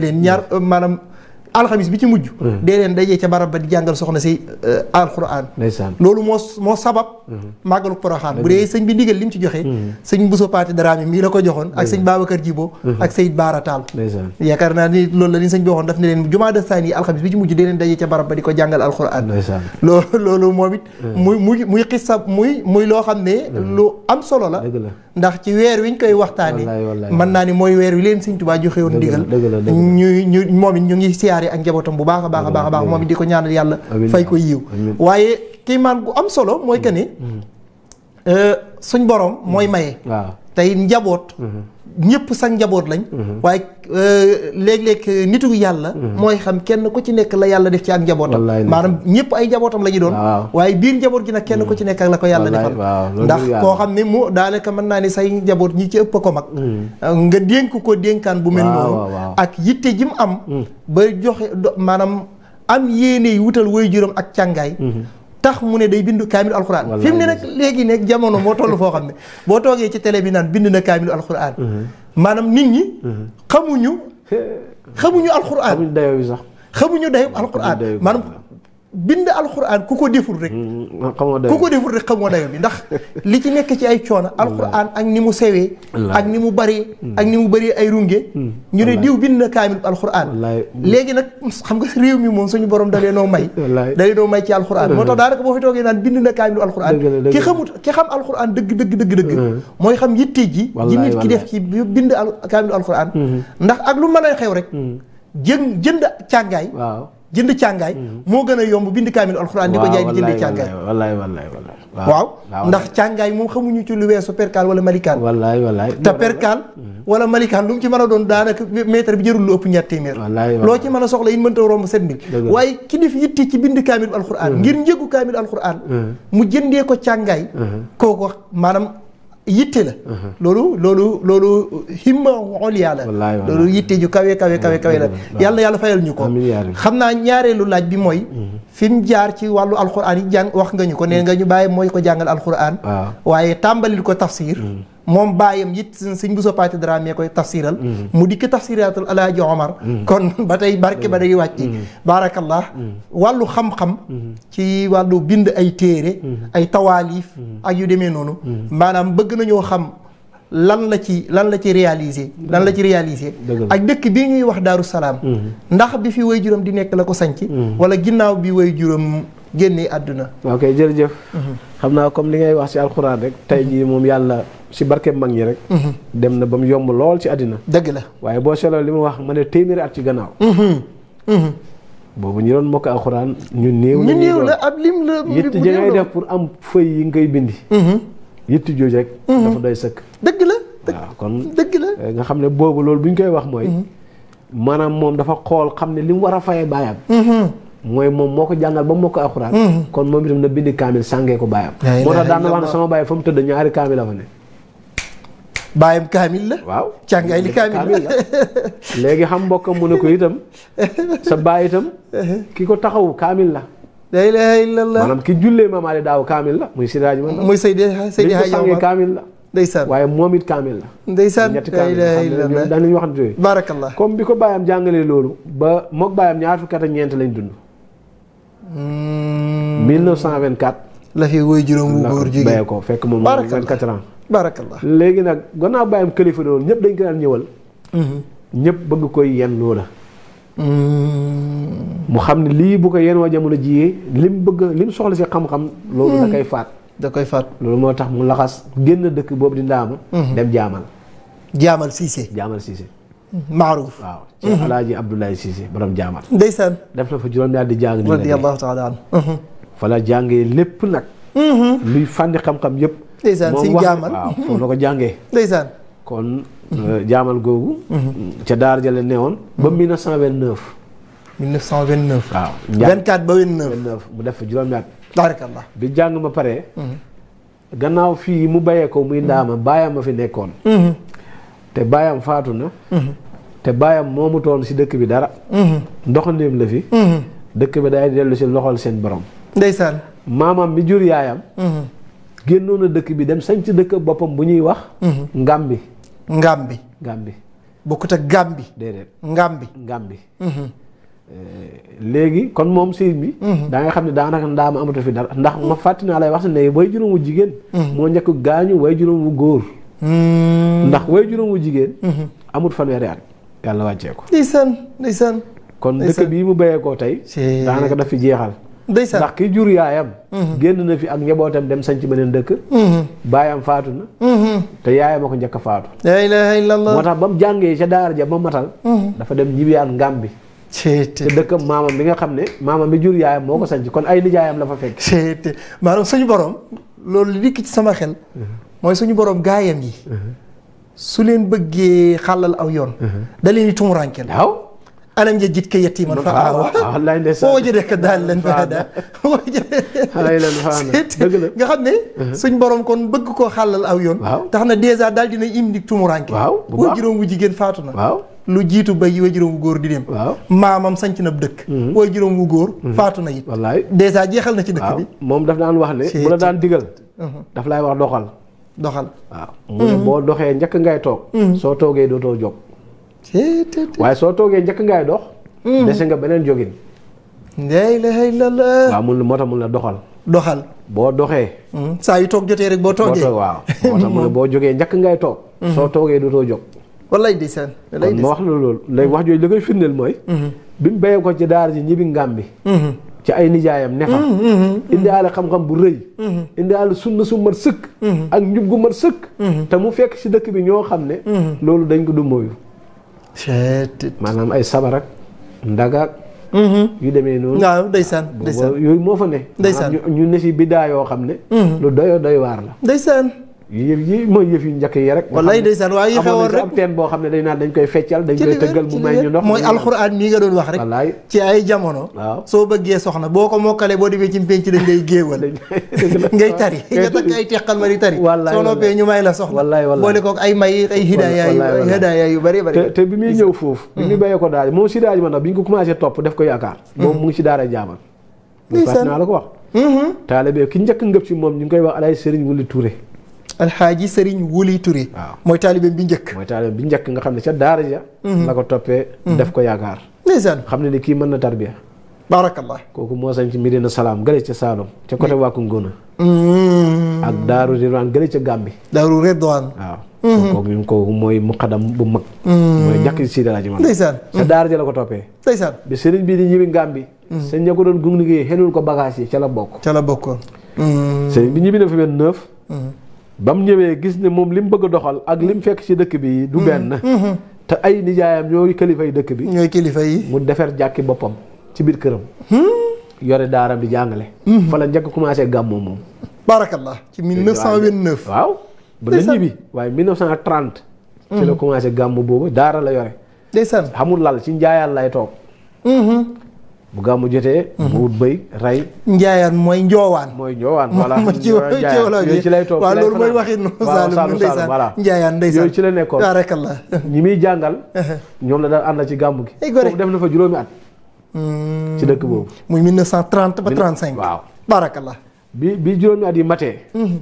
alxamis bi ci mujj mm. dee leen dajee ca barab ba di jàngal si euh, alxuraan loolu moo moo sabab mm-hmm. màggalu poroxaan bu dee sëñ bi ndigal li mu ci joxe mm-hmm. sëñ Bousso Paté dara mii la ko joxoon ak sëñ Babacar Jibo mm-hmm. ak Seyd Baara Taal yaakaar naa ni loolu la ni sëñ bi waxoon daf leen jumaa de saan yi alxamis bi ci mujj dee leen dajee ca barab ba di ko jàngal alxuraan loolu moom it mm. muy muy muy xissa muy muy loo xam ne lu am solo la ndax ci weer wiñ koy waxtaane mën naa ni mooy weer wi leen sëñ Tuubaa joxe woon ndigal ñuy ñu ñu ngi siyaar ziyaare ak njabootam bu baax a baax a baax a baax moom it di ko ñaanal yàlla fay koy yiw waaye kiimaan gu am solo mooy que ni mm. euh, suñ borom mooy mm. maye tey njaboot mm-hmm. ñëpp sa njaboot lañ. Mhm. waaye euh, léeg-léeg euh, nitu yàlla. Mhm. mooy xam kenn ku ci nekk la yàlla def ci ak njabootam. maanaam ñëpp ay njabootam la ñu doon. waaye biir njaboot gi nag kenn ku ci mhm. nekk ak la ko yàlla defal. ndax koo xam ne mu daanaka mën naa ne say njaboot ñi ci ëpp ko mag. Euh, nga dénk ko dénkaan bu mel noonu. ak yitte ji mu am. ba joxe maanaam am yéene wutal waajuram ak càngaay. tax mu ne day bind kaamilu alxuraan fi mu ne nag léegi nekk jamono moo toll foo xam ne boo toogee ci tele bi naan bind na kaamilu alxuraan mhm. maanaam nit ñi mhm. xamuñu xamuñu alxuraan xamuñu dayo bi sax xamuñu dayo alxuraan maanaam bind alxuraan ku ko deful rek. Mm, ku ko deful rek xamoo dayo bi ndax li ci nekk ci ay coono. Mm. alxuraan ak ni mu sewee. ak ni mu baree. Mm. ak ni mu baree ay runge. ñu ne diw bind na kaamil alxuraan. léegi nag xam nga réew mi moom suñu borom dalee noo may. dalee noo may ci alxuraan. moo tax daanaka boo fi toogee naan bind na kaamil alxuraan. ki xamut ki xam alxuraan dëgg dëgg dëgg dëgg. mooy xam yitte ji. ji nit ki def ci bind al kaamil alxuraan. Mm-hmm. ndax ak lu mën a xew rek. jën jënd càngaay. waaw. jënd càngaay mhm. moo gën a yomb bind kaamil alxuraan di ko jaay di jënd càngaay wallaay wallaay wallaay waaw ndax càngaay moom xamuñu ci lu weesu perkaal wala malikaan wallaay wallaay te perkaal mhm. wala malikaan lu mu ci man a doon daanaka mètre bi jërul lu ëpp ñaar téeméer loo ci mën a soxla yin mënta romb sept mille waaye ki def yitti ci bind kaamil alxuraan mhm. ngir njëgu kaamil alxuraan mu jëndee ko càngaay kooku maanaam yitte la uh-huh. loolu loolu loolu himma oliya yàlla loolu yitte ñu kawe kawe kawe kawe la yàlla yàlla fayal ñu ko xam naa ñaareelu laaj bi mooy uh-huh. fi mu jaar ci wàllu alquran yi jàng wax nga ñu ko nee nga ñu bàyyi mooy ko jàngal alquran waaye tàmbalil ko tafsir uh-huh. moom baayam it sëñ Bousso Pathé Dramé koy tafsiral mm-hmm. mu dikk tafsiraatul alaaji Omar mm-hmm. kon ba tey barke ba day wàcc mm-hmm. baarakallah wàllu xam-xam ci wàllu bind ay téere ay tawaalif ak yu demee noonu maanaam bëgg nañoo xam lan la ci lan la ci réaliser lan la ci réaliser ak dëkk bi ñuy wax Daaru Salaam ndax bi fi way juróom di nekk la ko sanc wala ginnaaw bi way juróom génnee àdduna. ok jërëjëf. Mhm. xam naa comme li ngay wax ci alxuraan rek. tey jii moom yàlla ci barke mag ñi rek. Mhm. dem na ba mu yomb lool ci àddina. dëgg la waaye boo seetloo li mu wax ma ne téeméeri at ci gannaaw. Mhm. boobu ñu doon mokk alxuraan ñu néew. ñu néew la ab lim la yitt ji ngay def pour am fëy yi ngay bindi. yitt la waaw kon la. Eh, nga xam ne boobu loolu bu ñu koy wax mooy. maanaam moom dafa xool xam ne li mu war a fayee baayam. mooy moom moo ko jàngal ba mokk alxuraan mm-hmm. kon moom itam na bind kaamil sàngee ko baayam moo tax daan na wax ne sama baay fa mu tëdd ñaari kaamil la fa ne baayam kaamil la waaw càngaay li kaamil la léegi xam mbokkam mu ne ko itam sa baay itam uh-huh. ki ko taxaw kaamil la la ilaha illallah maanaam ki jullee mamaale daaw kaamil la muy sidaaji man muy saydi saydi ko sàngee kaamil la ndeysaan waaye moom it kaamil la ndeysaan ñetti kaamil dañ lañ waxante yooyu barakallah comme bi ko baayam jàngalee loolu ba mook baayam ñaar fukki at ak ñeent lañ dund 1924. Hmm. la fi woy juróom bu góor jigéen bàyyi ko fekk moom 24 ans. barakallah léegi nag gannaaw bàyyam kilifa doon ñëpp dañ ko daan ñëwal. Hmm. ñëpp bëgg koy yennoo la. Hmm. mu xam ne lii bu ko yennoo jamono jiyee lim bëgg lim soxla si xam-xam. loolu da koy faat. da koy faat loolu moo tax mu laxas génn dëkk boobu di ndaama. dem jaamal. jaamal Cissé Maaruuf waaw. Cheikh El Hadj Abdoulaye Cissé borom jaamat. ndeysaan def na fa juróom-ñaar di jàng. radiyallahu taala an mhm. fa la jàngee lépp nag. Mhm. luy euh, mhm. ba 1929. 1929 waaw. 24 ba 29 29 mu def fa juróom bi jàng ma pare. gannaaw fii mu bayee ko muy ndaama bàyyam ma fi nekkoon. te baayam faatu na mhm. te baayam moomu toon si dëkk bi dara mhm. ndoxandeem la fi mhm. dëkk bi day dellu si loxol seen borom ndeysaan maamam mi jur yaayam génnoon na dëkk bi dem sañ ci dëkk boppam bu ñuy wax Ngambi Ngambi Ngambi bi ak Gambi déedéet Ngambi Ngambi eh, léegi kon moom sëy mi daa nga xam ne daanaka ndaa ma amatu fi dara ndax ma fàtt naa lay wax ne ne way juróom jigéen moo njëkk gaañu way juróom góor Hmm. ndax way juróom wu jigéen. Mhm. amul fanweeri at yàlla wàccee ko. ndeysaan ndeysaan. kon dëkk bii mu béyee koo tey. daanaka daf fi jeexal. ndeysaan ndax ki jur yaayam. Mhm. génn na fi ak njabootam dem sañ ci beneen dëkk. Mhm. baayam faatu na. te yaayam a ko njëkk a faatu. la ilaha illallah moo tax ba mu jàngee ca daara ja ba matal. dafa dem ñibbiyaat ngam bi. te dëkkam maamam bi nga xam ne maamam bi jur yaayam moo ko sañ kon ay nijaayam la fa fekk. maanaam suñu borom loolu li dikk ci sama xel. mooy suñu boroom gaayam yi uh-huh. su leen bëggee xàllal aw yoon uh-huh. da leen di tumuraankeel waaw alam yajidka yatiiman fa aawa wa wajadaka daallan fa hadaa nga xam ne uh-huh. suñ borom kon bëgg koo xàllal aw yoon tax na dèjà daal dina indi tumuraanke waaw juróom wu jigéen faatu na waaw lu jiitu bay way juróom wu góor di dem waaw maamam sanc na dëkk way juróom wu góor faatu na it wallaay dèjà jeexal na ci dëkk bi moom daf daan wax ne bu la daan digal daf laay wax doxal doxal waaw. mu boo doxee njëkk ngay toog. Mm. soo toogee dootoo jóg. waaye soo toogee njëkk ngay dox. Mm. dese nga beneen jógin. la ilaha illallah. waaw mun moo tax mun la doxal. doxal boo doxee. Mm. saa yu toog jotee rek boo toogee waaw moo tax mu ne boo jógee njëkk ngay toog. Mm-hmm. soo toogee dootoo jóg. wallaay ndeysaan wallaay ndeysaan kon ma wax la loolu léegi wax jooju li koy firndeel mooy. Mm-hmm. bi mu béyee ko ci daara ji ñibbi ngam bi. Mm-hmm. ci ay nijaayam ne xam mm, mm, mm, indiwaale xam-xam bu rëy indiwaale sunna su mat sëkk ak njub gu mat sëkk te mu fekk si dëkk bi ñoo xam ne loolu dañ ko du mooyu maanaam ay sabarak ndaga yu demee noonu waaw day ndeysaan yooyu moo fa ne ndeysaan ñu ne si biddaa yoo xam ne lu doyo doy waar la yëf yi mooy yëf yu njëkk yi rek wallaay ndeysaan waaye yi xewoon rek am teen boo xam ne dañ koy feccal dañ koy tëggal mu may ñu ndox mooy alxuraan mii nga doon wax rek boo ko mokkale boo demee ci mpénc dañ lay géewal ngay tari nga takk ay teqal ma di tari soo noppee ñu may la soxna wallaay wallaay boole kook ay may ay hidaaya yu hidaaya yu bari bari te bi muy ñëw foofu bi muy mm. bayee ko daara moom si daara ma ndax bi ñu ko commencé topp def ko yaakaar mm. moom mu ngi si daara jaamal la ko wax mm-hmm. taalibe ki njëkk ngëp si moom ñu ngi koy wax alaay sëriñ wuli Touré alxaaji Serigne Wuli Touré. waaw mooy taalibeem bi njëkk. mooy taalibeem bi njëkk nga xam ne ca daara ja. Mhm. la ko toppee. Mhm. def ko yaakaar. ndeysaan xam ne ni na tarbiya. baarakallah kooku moo sañ ci Medina Salaam gële ca Saloum ca côté mhm. Waku Ngona. ak Daaru Ridwaan gële ca Gàmbi. Daaru Ridwaan waaw. kooku ñun kooku mooy bu mag. mooy si dara ji ma. ndeysaan ca daara ja la ko bi sëriñ bii di ñibbi Gàmbi. sëñ ña ko doon gunge xelul ko bagage yi ca la bokk. ca la bokkoon. sëriñ bi ñibbi na fi benn neuf. ba mu ñëwee gis ne moom li mu bëgg a doxal ak li mu fekk ci dëkk bi du mm-hmm. benn mm-hmm. te ay nijaayam ñooy kilifa dëkk bi ñooy kilifa yi mu defar jàkki boppam ci biir këram hmm? yore daara bi jàngale mm-hmm. fa la njëkk commencé gàmmoo moom barakallah ci 1929 waaw ba la ñibbi waaye 1930 ci la commencé gàmmu boobu daara la yore ndeysaan xamul lal ci njaayaan lay toog bu gàmmu jotee. bu mhm. wut bëy rey. njaayaan mooy njoowaan. mooy njoowaan voilà yooyu ci lay toog waaw loolu mooy waxin Saalum ndeysaan voilà njaayaan ndeysaan yooyu ci la ñi muy jàngal ñoom la daan ànd ci gàmmu gi foofu def na fa juróomi at hmm. ci dëkk boobu muy 1930 ba 35 waaw tabaarakallah bi bi juróomi at yi matee hmm.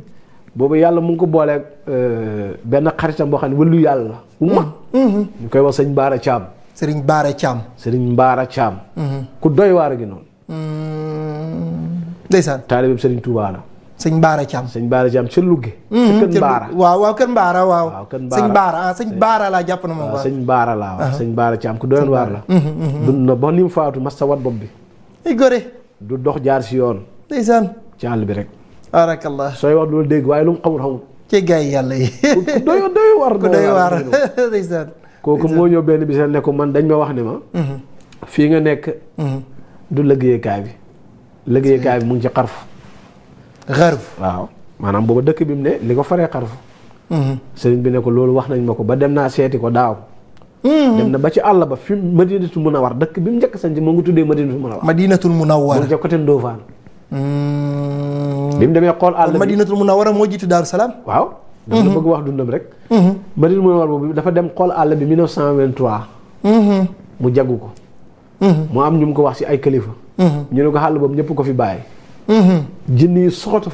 boobu yàlla mu ngi ko booleeg euh, benn xaritam boo xam ne wëllu yàlla bu mag hmm. ñu koy wax sëñ Baara Caam Serigne Baara Thiam. Serigne Baara Thiam. Mhm. ku doy waar gi noonu. Mm. ndeysaan. taalibeem Serigne Touba la. sëñ Baara Thiam sëñ Baara Thiam ca Louga. Mhm, ca Kër Baara waaw Kër Baara waaw. waaw Baara ah, laa jàpp na moom. waaw sëñ Baara laa waaw Baara Thiam ku doyoon waar la. Mhm, ba ni mu faatu mas sa wat bopp bi. ay gore. du dox jaar si yoon. ndeysaan. ci àll bi rek. sooy wax loolu dégg waaye lu mu xamul xamul. ci gars yi yàlla yi. doyoo doyoo waar. doyoo waar ndeysaan. kooku moo ñëw benn bis ne ko man dañ ma wax ne ma. Mhm. fii nga nekk. Mhm. du liggéeykaay bi. liggéeykaay bi mu ngi ci xarfu. xarfu waaw maanaam booba dëkk bi mu ne li ko faree xarfu. Mhm. sëriñ bi ne ko loolu wax nañ ma ko ba dem naa seeti ko daaw. dem na ba ci àll ba fi madinatul war dëkk bi mu njëkk sañ ci moo ngi tuddee madinatul munawar. madinatul munawar mu ngi ca côté Ndofane. bi xool àll bi madinatul munawar moo jiitu Daaru Salaam waaw. dafa mhm. bëgg wax dundam rek. Madinatu mhm. Munawwara boobu dafa dem xool àll bi 1923. Mhm. mu jagu ko. mu am ñu ko wax ci ay kilifa. ñu ne ko xàll boobu ñëpp ko fi bàyyi. jinn yi soxota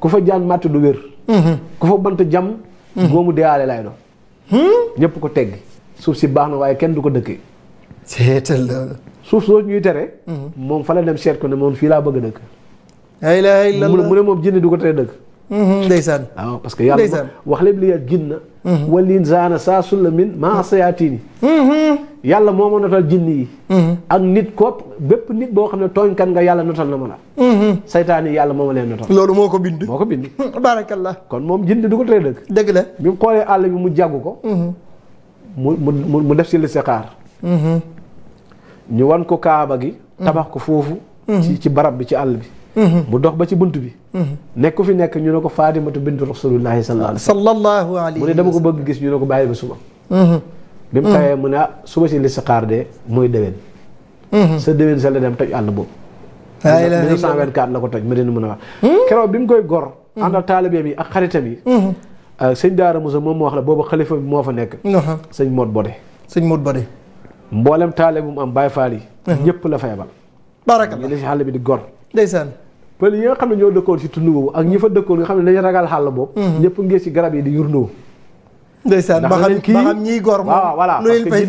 ku fa jaan màtt du wér. ku fa bant jam. góomu hmm? ñëpp ko tegg suuf si baax na waaye kenn du ko dëkkee. seetal loolu. suuf soo ñuy tere. moom fa dem seet ko ne moom fii laa bëgg a dëkk. la la mu ne moom jinn du ko te dëkk. Mhm, ndeysaan waaw ah, parce que yàlla wax lépp li ya jinna mhm. wala insaana saa sulla min maa sayaatini mhm. yàlla moo ma notal jinn yi ak nit kopp bépp nit boo xam ne tooñkat nga yàlla notal na ma la saytaan yi yàlla moo ma leen notal loolu moo ko bind moo ko bind baarakallah kon moom jinn du ko tere dëgg dëgg la bi mu xoolee àll bi mu jàggu ko mu mu mu def si listixaar ñu wan ko kaaba gi tabax ko foofu ci ci barab bi ci àll bi mu dox ba ci bunt bi mm-hmm. nekk ku fi nekk ñu ne ko Fatimatu bintu rasulullahi sallallahu alayhi mu ne dama ko bëgg gis ñu ne ko bàyyi ba suba mm-hmm. bi mu tawee mm-hmm. mu ne ah suba si listixaar de mooy déwén sa déwén sa la dem toj àll boobu 1924 la ko toj ma dina mën a wax keroog bi mu koy gor ànd ak taalibeem yi ak xaritam yi euh, sëñ Daara Moussa moom moo wax la boobu xalifa bi moo fa nekk uh-huh. sëñ Mod Bode sëñ Mod Bode mboolem taalibe bu mu am Baay Faal yi uh-huh. ñëpp la fa yebal baraka ñu ne si xàll bi di gor ndeysaan pël yi nga xam ne ñoo dëkkoon si tund boobu ak ñi fa dëkkoon nga xam ne dañu ragal xàll boobu mhm. ñëpp ngee si garab yi di yurndoo ndeysaan ba xam kii ba xam ñiy gor moom waaw voilà lu leen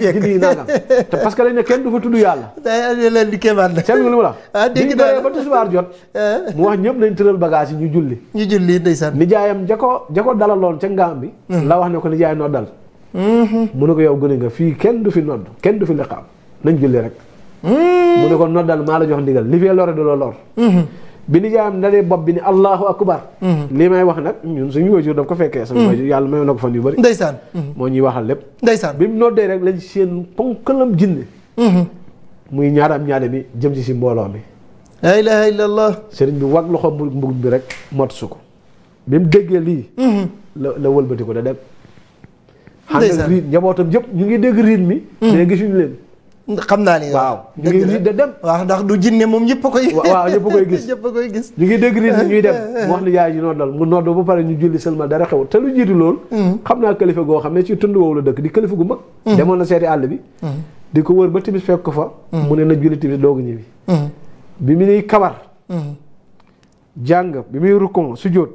ne kenn du fa tudd yàlla day leen di kéemaan la seen nga lu ma la ah dégg naa ba tisbaar jot eh? mu wax ñëpp nañ tëral bagage yi ñu julli ñu julli nijaayam ja ko ja ko dalaloon ca ngaam bi mm. la wax ne ko nijaay noddal mm-hmm. mu ne ko yow gën nga fii kenn du fi nodd kenn du fi liqaam nañ julli rek mu ne ko noddal maa la jox ndigal li fee lore du la lor bi ni jaam dalee bopp bi ni allahu akbar li may wax nag ñun suñu waajur daf ko fekkee sama waajur yàlla may a ko fan yu bëri ndeysaan moo ñuy waxal lépp ndeysaan bi mu noddee rek lañ seen ponkalam jinne muy ñaaraam ñaare mi jëm ci si mbooloo mi la ilaha illallah sëriñ bi wag loxo mbug bi rek mot su ko bi mu déggee lii la wëlbati ko da dem xam nga riit njabootam yëpp ñu ngi dégg riit xam naa ni waaw ñu ngi nii da dem waaw ndax du jinne moom ñëpp a koy waaw ñëpp koy gis ñëpp a koy gis ñu ngi dégg nit ñuy dem mu wax ni yaay ji noddal mu noddo ba pare ñu julli seulement dara xew te lu jiitu loolu mm. xam naa kilifa goo xam ne si tund woowu la dëkk di kilifa gu mag mm. demoon na seeti àll mm. di ko wër ba timis fekk ko fa mu ne na julli timis doogu ñibbi bi mu nuy kabar jàng bi muy rukkon su jóot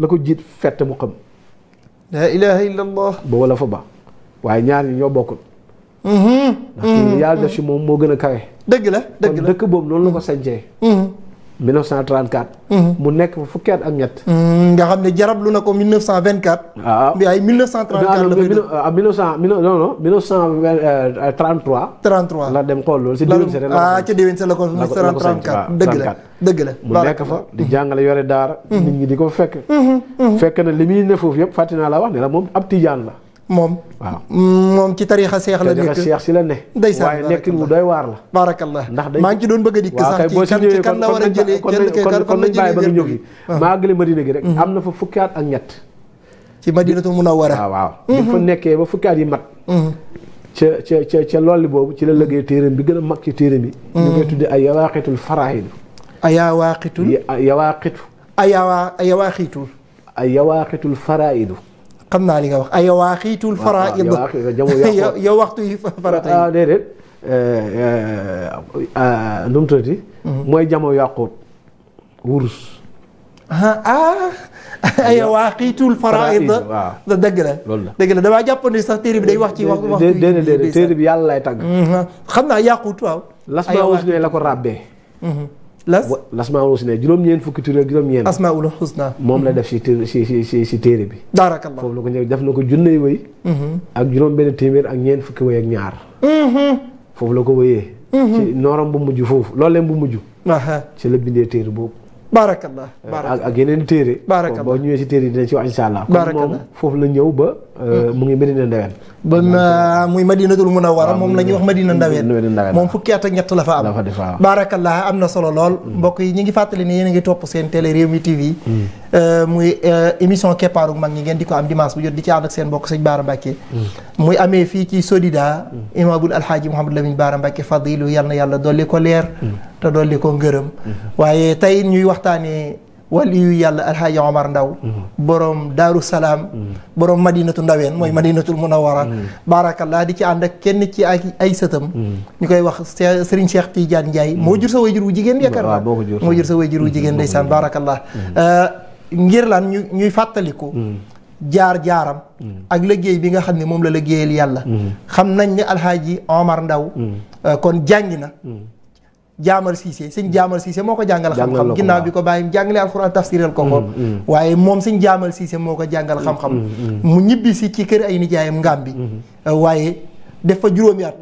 la ko jiit fett mu xam la ilaha illallah ba wala fa ba waaye ñaar ñi ñoo bokkul ndax mhm. yàlla mhm. def si moom moo gën a kawe. dëgg la dëgg la dëkk boobu noonu la ko sañcee. 1934. Mhm. mu nekk fa fukki at ak ñett. nga xam ne jarablu na ko 1924. waaw mais ay 1934 ah, la fay def ah 1900 non euh, dem xool loolu si déwén sa la ah ca déwén sa la ko 1934 la mu nekk fa di jàngale yore daar nit ñi di ko fekk. fekk na li muy ne foofu yëpp fàttali naa la wax ne la moom ab tijaan la. moom waaw moom ci tariixa seex la nekk tariixa seex si la ne ndeysaan waaye nekk mu doy waar la barakallah maa ngi ci doon bëgg a dikk sax ci kan ci kan la war a jëlee kon nañ bàyyi ba nga ñëw gi maa gële madina gi mhm. na fa fukki at ak ñett ci madinatu munawwara waaw mhm. mhm. la lëggee téeram bi gën a mag ci téeram yi ñu koy tuddee ay yawaaqitul faraahidu ay yawaaqitul yawaaqitu ay yawaaqitul ay yawaaqitul faraahidu xam naa li nga wax ay waaxiitul faraid yow waxtu yi ah, farata yi ah, déedéet eh, eh, nu mu tuddati mhm. mooy jamono yàqoot wurus ah ay waaxiitul faraid da dëgg la dëgg la damaa jàppandi sax téere bi day wax ci wax waxtu déedéet déedéet téere bi yàlla lay tàgg mhm. xam naa yàquut waaw las ma wus ne la ko ràbbee mhm. las lasmaul husna juróom-ñeent fukki tur ak juróom-ñeent asmaul husna moom la def si si si téere bi baarakallah foofu la ko ñëw def na ko junney wéy mhm. ak juróom benn téeméer ak ñeent fukki wéy ak ñaar mhm. foofu la ko wéyee mhm. ci bu mujj foofu loolu leen bu mujj ci la bindee téere boobu baarakallah eh, baarakallah ak yeneen téere baarakallah boo ñëwee si téere yi dinañ si wax insha allah kon moom foofu la ñëw ba eh, hmm. mu ngi Medina Ndewen ba muy madinatul munawwara moom la ñuy wax madina ndaween moom fukki at ak ñett la fa am baarakallah am na solo lool mm. mbokk yi ñi ngi fàttali ni yéen ngi topp seen télé réew mi TV mm. euh, muy euh, émission keppaaru mag ñi ngeen di ko am dimanche bu jot di ci ànd ak seen mbokk sëñ Baara Mbàkke mm. muy amee fii ci Sodida imaamul alhaaji Mouhamadou Lamine Baara fadilu yal na yàlla dolli ko leer te dolli ko ngërëm waaye tey ñuy waxtaanee wàllu yàlla alxaaji omar ndaw mm-hmm. borom daaru salaam mm-hmm. borom madinatu ndaween mooy mm-hmm. madinatul munawara baarakallaa di ci ànd ak kenn ci ak ay sëtam ñu koy wax sëriñ Cheikh Tidiane Ndiaye moo jur sa wayjur wu jigéen yaakaar naa moo jur sa wayjur wu jigéen de ndeysaan baarakallaa euh, ngir lan ñu ñuy fàttaliku jaar jaaram ak liggéey bi nga xam ne moom la liggéeyal yàlla xam nañ ne alxaaji omar ndaw euh, kon jàngi na Jaamar Cissé sëñ mm. Jaamar Cissé moo ko jàngal xam-xam ginnaaw bi ko bàyyim jàngale alxuraan tafsiral ko ko mm, mm. waaye moom sëñ Jaamar Cissé moo ko jàngal xam-xam mu ñibbi ci kër ay nijaayam ngaam bi euh, waaye def fa juróomi at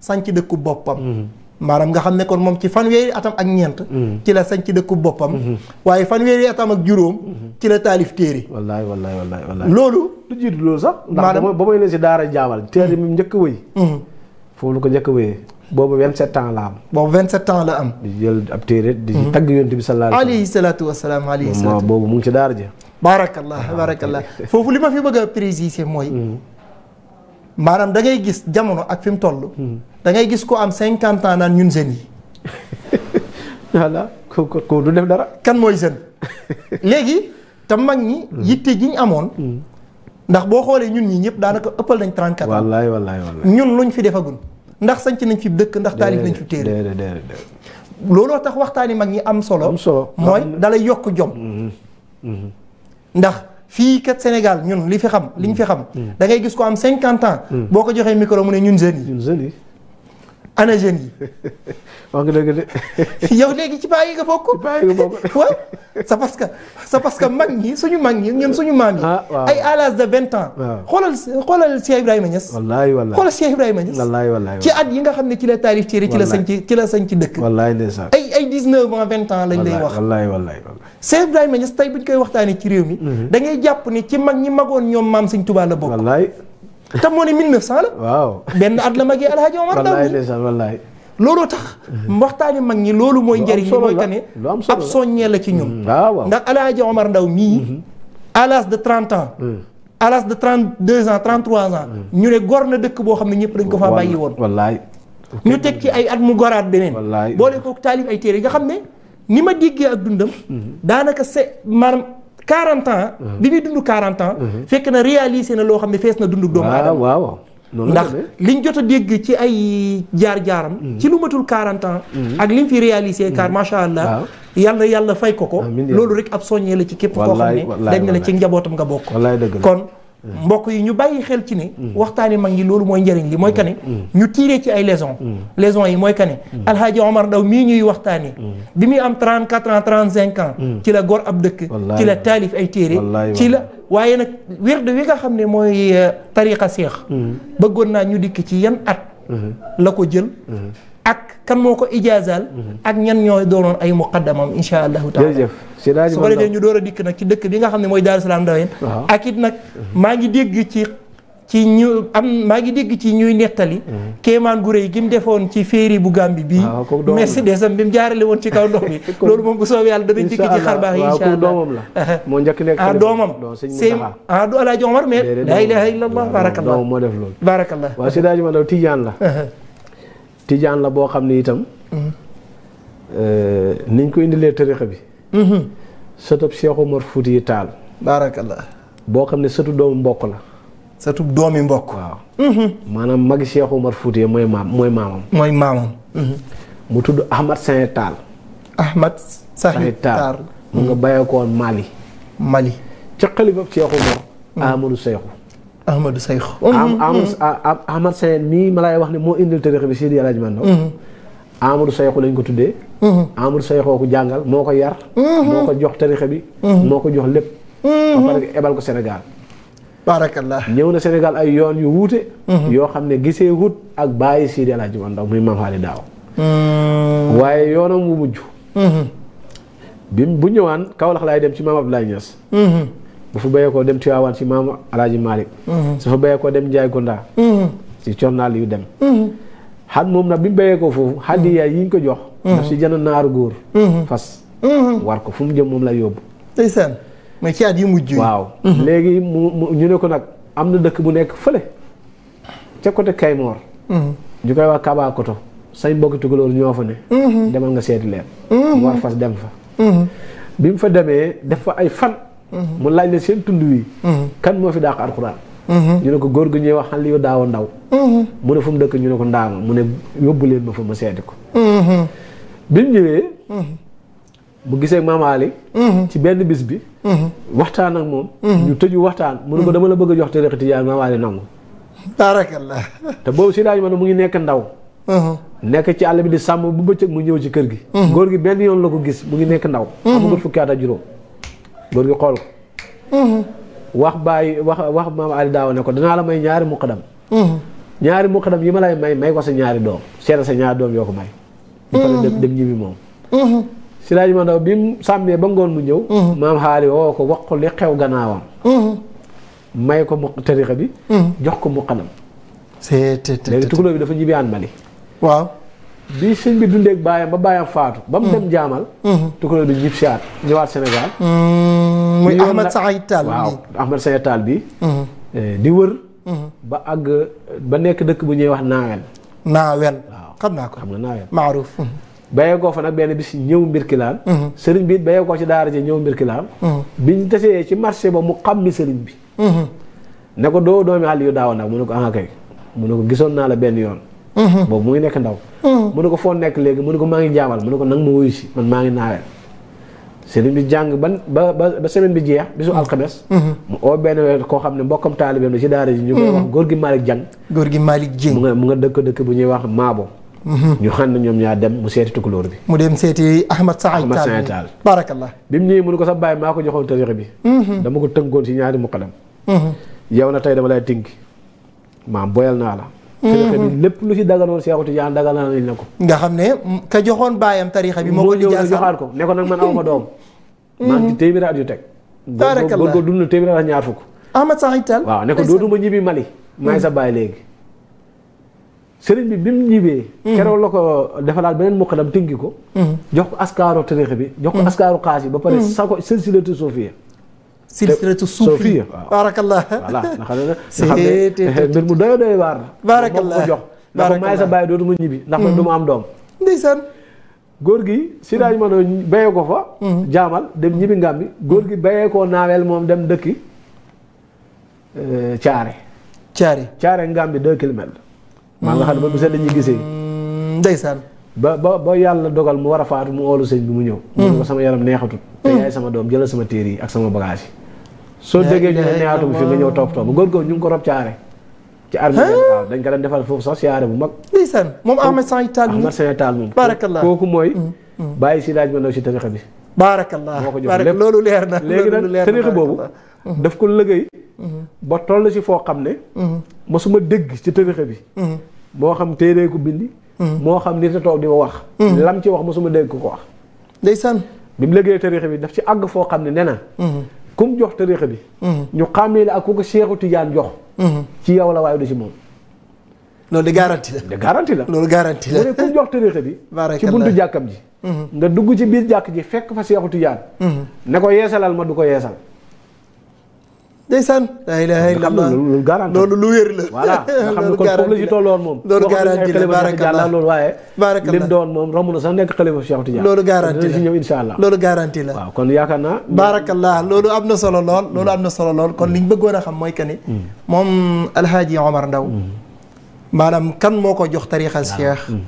sanc dëkku boppam maanaam nga xam ne kon moom ci fanweeri atam ak ñeent ci la sanc dëkku boppam mm-hmm. waaye fanweeri atam ak juróom mm-hmm. ci la taalif téere wallaay wallaay wallaay wallaay loolu lu jiitu loolu sax ndax ba may ne si daara jaamal njëkk wëy foofu lu ko njëkk boobu 27 ans la am. boobu 27 ans la am. di jël ab téere di mhm. tagg yonent bi sallallahu alayhi salaatu wa salaam alayhi boobu mu ngi ci daara ja. baarakallah ah, baarakallah foofu li ma fi bëgg a préciser mooy. Mhm. maanaam da ngay gis jamono ak fi mu toll. Mhm. da ngay gis ko am cinquante ans naan ñun jeunes yi. voilà ko ko du def dara. kan mooy jeune. léegi te mag ñi. yitte jiñ amoon. ndax boo xoolee ñun ñi ñëpp daanaka ëppal nañ 34 ans. wallaay wallaay wallaay ñun luñ fi defagun. ndax sanc nañ fi dëkk ndax taalif nañ fi téere looloo tax waxtaani mag ñi am solo mooy dala yokk jom mhm. Mhm. ndax fii kat Sénégal ñun li fi xam li ñu fi xam mhm. da ngay gis ko am cinquante ans boo ko joxee micro mu ne ñun jeunes yi ana jeunes yi. wax nga dëgg yow léegi ci bàyyi nga bokk. ci bàyyi nga bokk waaw. que c'est parce que mag ñi suñu mag ñi ñoom suñu maam yi. Ah, ay à l'âge de vingt ans. xoolal xoolal Cheikh a Niass. wallaay wallaay xoolal yi nga xam ne ci la taarif téere ci la sañ ci ci dëkk. wallaay ndeysaan ay ay dix ans vingt ans lañ lay wax. wallaay wallaay Cheikh Ibrahima Niass tey buñ koy waxtaanee ci réew mi. Mhm. da ngay jàpp ni ci mag ñi magoon ñoom maam Sëñ Tuubaa la bokk. wallaay te moo ne 1900 la. waaw benn at la magee Alhaji Omar Ndao. wallaay ndeysaan wallaay. tax. waxtaani mag ñi loolu mooy njëriñ li mooy tane ab soññee la ci ñun. Mm, waaw ndax Alhaji Omar Ndao mii. à de 30 ans. à l'âge de 32 ans 33 mm. ans. Mm. ñu ne gor na dëkk boo xam ne ñëpp dañ ko fa bàyyi woon. wallaay. ñu teg ci ay at mu goraat beneen. wallaay boole ko taalif ay téere nga xam ne ni ma déggee ak dundam. Mm-hmm. daanaka se maanaam. 40 ans. Mmh. bi muy dund 40 ans. Mmh. fekk na réalisé na loo xam ne fees na dund doomu aadama waaw ndax liñ jot a dégg ci ay jaar-jaaram. Mmh. ci lu matul 40 ans. ak lim fi réalisé car macha allah. yàlla yàlla fay ko ko. loolu rek ab soññee la ci képp koo xam ne dañ na la ci njabootam nga bokk. kon. mbokk yi ñu bàyyi xel ci ne mm. waxtaani mag ñi loolu mooy njëriñ li mooy kane mm. mm. ñu tiiree ci ay leçons leçons yi mooy kane alhaaji Omar Ndaw mii ñuy waxtaani bi muy am 34 ans 35 ans ci la gor ab dëkk ci la taalif ay téere ci la waaye nag wird wi nga xam ne mooy euh, tariqa seex bëggoon naa ñu dikk ci yan at mm-hmm. la ko jël mm-hmm. ak kan moo ko ijaazaal mhm. ak ñan ñoo doonoon ay muqaddamam insha allahu taala jërëjëf su ko defee ñu door a dikk nag ci dëkk bi nga xam ne mooy Daaru Salaam Daween ak it nag mhm. maa ngi dégg ci ci ñu am maa ngi dégg ci ñuy nettali mhm. kéemaan gu rëy gi mu defoon ci féeri bu bi bii Mercedes am bi mu jaarale woon ci kaw ndox mi loolu moom bu soobee yàlla danañ dikk ci xarbaax yi insha allah doomam la moo njëkk nekk ah doomam sëñ ah du alaaji Omar mais laa ilaha illa allah barakallah moo la tijaan la boo xam ne itam. Euh, niñ ko indilee tarixa bi. Mm-hmm. sëtub Cheikh Omar Fouti Taal. boo xam ne sëtu doomu mbokk la. sëtu doomi mbokk. waaw. Mm-hmm. maanaam magi Cheikh Omar Fouti mooy maam mooy maamam. mooy maamam. Mm-hmm. mu tudd Ahmad Saint Taal. Ahmad Saint Taal mu nga bàyyeekoon Mali. Mali ca xalifab Cheikh Omar. Amadou Seyxu. Ahmadou Seykho. Mm-hmm, mm-hmm. Ahmad Seykho mii ma lay wax ne moo indil tariixa bi Seydi El Hadji Malick Ndao. Mm-hmm. Ahmadou Seykho lañ ko tuddee. Ahmadou Seykho ko jàngal moo ko yar. moo ko jox tariixa bi. moo ko jox lépp. ba pare ebal ko Sénégal. baarakallah ñëw na Sénégal ay yoon yu wuute. yoo xam ne gisee wut ak bàyyi Seydi El Hadji Malick Ndao muy Mame Khady Daaw. waaye yoonam wu mujj. bi bu ñëwaan Kaolack laay dem ci Mame Abdoulaye Niass. bu fa béyee koo dem Tivaouane si maamu Alaaji Malick mm-hmm. su fa béyee koo dem Njaay Gonda si mm-hmm. cornaal yu dem mm-hmm. xat moom nag bi mu béyee ko foofu xaddiya yi ñu ko jox daf si jënd naaru góor fas war ko fu mu jëm moom lay yóbbu ndeysaan mais ci at yu léegi mu ñu ne ko nag am na dëkk bu nekk fële ca côté Kaymoor ñu koy wax Kabakoto say mbokki tukulóor ñoo fa ne demal nga seeti leen war fas dem fa bi mu fa demee def fa ay fan mu laaj ne seen tund wi. kan moo fi dàq alxuraan. ñu ne ko góor gu ñuy wax xal yu daaw a ndaw. mu ne fu dëkk ñu ne ko ndaama mu ne yóbbu leen ma fa ma seeti ko. bi mu ñëwee. mu gisee maam Ali. ci benn bis bi. waxtaan ak moom. ñu tëju waxtaan mu ne ko dama bëgg a jox tariqa tijaan maam Ali nangu. baarakallah. te boobu si daañu ma ne mu ngi nekk ndaw. nekk ci àll bi di sàmm bu bëccëg mu ñëw ci kër gi. góor gi benn yoon la ko gis mu ngi nekk ndaw. amagul fukki at ak juróom. góor gi xool ko. Mm-hmm. wax bàyyi wax wax maam Ali daaw ne ko danaa la may ñaari muqadam. Mm-hmm. ñaari muqadam yi ma lay may may ko sa ñaari doom seet sa ñaari doom yoo ko may. bu ko mm-hmm. dem dem si laaj ndaw bi mu sàmmee ba ngoon mu ñëw. maam xaali woo ko wax ko li xew gannaawam. may ko mu tarixa bi. jox ko muqadam. léegi tukuloo bi dafa ñibbi aan Mali. bi sëñ bi dundeek baayam ba baayam faatu. ba mu dem mm. jaamal. tukulóor mm. bi ñib si aat ñëwaat Sénégal. Mm. muy Ahmed Sakhid Tall waaw bi eh, di wër. ba àgg ba nekk dëkk bu ñuy wax naawel. naawel waaw xam naa ko xam nga naawel maaruf. bayeekoo fa nag benn bis ñëw mbirkilaan sëriñ bi it bayeekoo ci daara ji ñëw mbirkilaan biñ tasee ci marché ba mu xam ni sëriñ bi. ne ko doo doomi xal yu daaw nag mu ne ko ah kay mu ne ko gisoon naa la benn yoon. Mm-hmm. boobu mu ngi nekk ndaw mm-hmm. mu ne ko foo nekk léegi mu ne ko maa ngi jaabal mu ne ko nag ma wuyu si man maa ngi naaweel sëriñ bi jàng ban ba ba semaine bi jeex bisu mm-hmm. alxames mu oo benn koo xam ne mbokkam taalibeem la ci daara ji ñu koy wax góor gi Malick Dieng gi Malick mu nga dëkk dëkk bu ñuy wax Maabo ñu xam ne ñoom ñaa dem mu seeti tukulóor bi mu dem seeti Ahmad Saxay Taal Ahmad Taal barakallah bi mu ñëwee mu ko sa bàyyi maa ko joxoon tariix bi dama ko tënkoon si ña muqadam yow na tey dama lay tinki naa la tarixa bi mhm. lépp lu ci daganoon Seexu Tijaan daganal nañ la ko nga xam ne ka joxoon baayam tarixa bi moo ko li joxaat ko ne ko nag man aw ma doom maa ngi mhm. yu teg góor góor dund ñibbi Mali maay sa baay léegi sëriñ bi bi mu ñibbee mhm. keroog la ko defalaat beneen muqadam tënki ko jox ko askaaru tarixa bi jox ko askaaru xaas yi ba pare sa ko silsilatu suufiya silsilatu suufi baarakallah voilà nga xam ne eh, mbir mu doy doy waar baarakallah ko jox ndax maay sa bàyyi dootuma ma ñibbi ndax man mm. du mu am doom ndeysaan góor gi si daaj ma ko fa mm. jaamal dem ñibbi góor gi béyee koo moom dem dëkki caare eh, caare caare ngam bi deux kilomètres maa nga xam ne ba gisee mm. ndeysaan ba ba yàlla dogal mu war a faatu mu oolu sëñ bi mu ñëw mu ne ko sama yaram neexatut te yaay sama doom jëlal sama téere yi ak sama bagage yi soo déggee ñu ne neexatum fi nga ñëw topp topp góor góor ñu ngi ko rob caare ci armée waaw dañ ko daan defal foofu sax siyaare bu mag ndeysaan moom Ahmed Sany Tall moom Ahmed Sany Tall moom barakallah kooku mooy mm, mm. bàyyi si daaj ma ndaw si tarixa bi barakallah moo ko jox lépp loolu leer na léegi nag tarixa boobu mm-hmm. daf ko liggéey mm-hmm. ba toll si foo xam ne ma mm-hmm. mosuma dégg si tarixa bi moo xam téere ku bind moo xam nit a toog di ma wax lam ci wax ma mosuma dégg ko ko wax ndeysaan bi mu liggéey tarixa bi daf ci àgg foo xam ne nee na ku mu jox tariixa bi. Mm-hmm. ñu xàmmee la ak ku ko Seexu Tijaan jox. Mm-hmm. ci yow la waaye du ci moom. loolu de garantie la. de garantie la loolu garantie la. bu dee ku mu jox tariixa bi. ci buntu jàkkam ji. Mm-hmm. nga dugg ci biir jàkk ji fekk fa Seexu Tijaan. ne ko yeesalal ma du ko yeesal. ndeysaan la ilaha loolu lu wér la voilà xam ne kon foofu la ci tolloon moom loolu garanti la baarakallah loolu waaye baarakallah lim doon moom romb na sax nekk xalifa Cheikh Tidiane loolu garanti la ci ñëw insha allah loolu garanti la waaw kon yaakaar naa baarakallah loolu am na solo lool loolu am na solo lool kon liñ bëggoon a xam mooy que ni mm. moom alhaaji Omar Ndaw mm. maanaam kan moo ko jox tariixal Cheikh mm.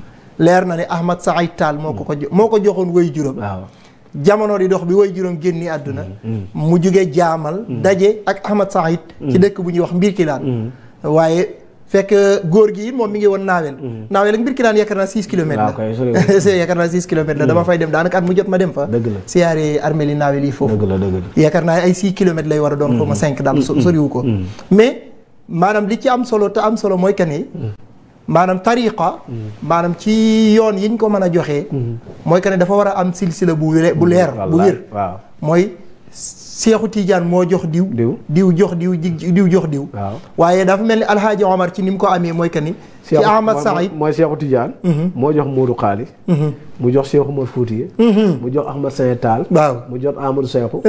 leer na ne Ahmad Saïd Tall moo ko ko moo ko joxoon way juróom waaw jamono di dox bi way juróom génni àdduna mm, mm. mu jóge jaamal mm. daje ak Ahmad Saïd ci dëkk bu ñuy wax mbir kilaan waaye fekk euh, góor gi it moom mi ngi woon naawel naawel ak mbir kilaan yaakaar naa six kilomètres yaakaar naa six kilomètres la dama fay dem daanaka at mu jot ma dem fa siyaare armeel yi yi foofu yaakaar naa ay six kilomètres lay war a doon xaw ma cinq daal soriwu ko mais maanaam li ci am solo te am solo mooy kan yi maanaam tariqa maanaam ci yoon yi ñu ko mën a joxee mooy que ne dafa war a am silsila bu wér bu leer bu wér mooy seexu tiijaan moo jox diw diw jox diw diw jox diw waaye dafa mel ni alxaaji omar ci ni mu ko amee mooy que ni ci Ahmad Saïd mooy Cheikhou Tidiane. Mhm. moo jox Modou Khali. Mhm. mu jox Cheikh Oumar Foutiye. Mhm. mu jox Ahmad Saïd Tall. waaw mu jox Amadou ah, Cheikhou.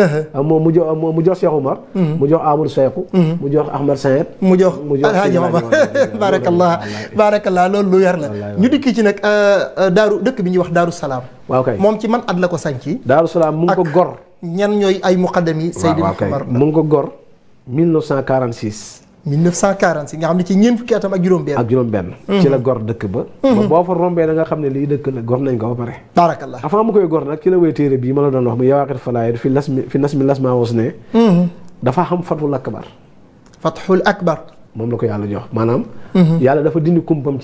moom mu jox mu jox Cheikh Oumar. mu jox Amadou Cheikhou. mu jox Ahmad Saïd. mu jox Alhaji Omar baarakallah baarakallah loolu lu yar la ñu dikki ci nag euh, euh, daaru dëkk bi ñuy wax Daaru Salaam. waaw kay moom ci man at la ko sànci. Daaru Salaam mu ngi ko gor. ñan ñooy ay muqaddam Seydina Omar mu ngi ko gor 1940 nga xam ne ci ñeent fukki atam ak juróom-benn. Mm-hmm. ci la gor dëkk mm-hmm. ba. boo fa rombee da nga xam ne lii dëkk la gor nañ ko ba pare. barakallah avant mu koy gor nag ci la wéy téere bii ma la doon wax mu yawaaqit falaayir fi las mi fi nas mi las maa mm-hmm. dafa xam la ko yàlla jox maanaam. yàlla dafa dindi kumpam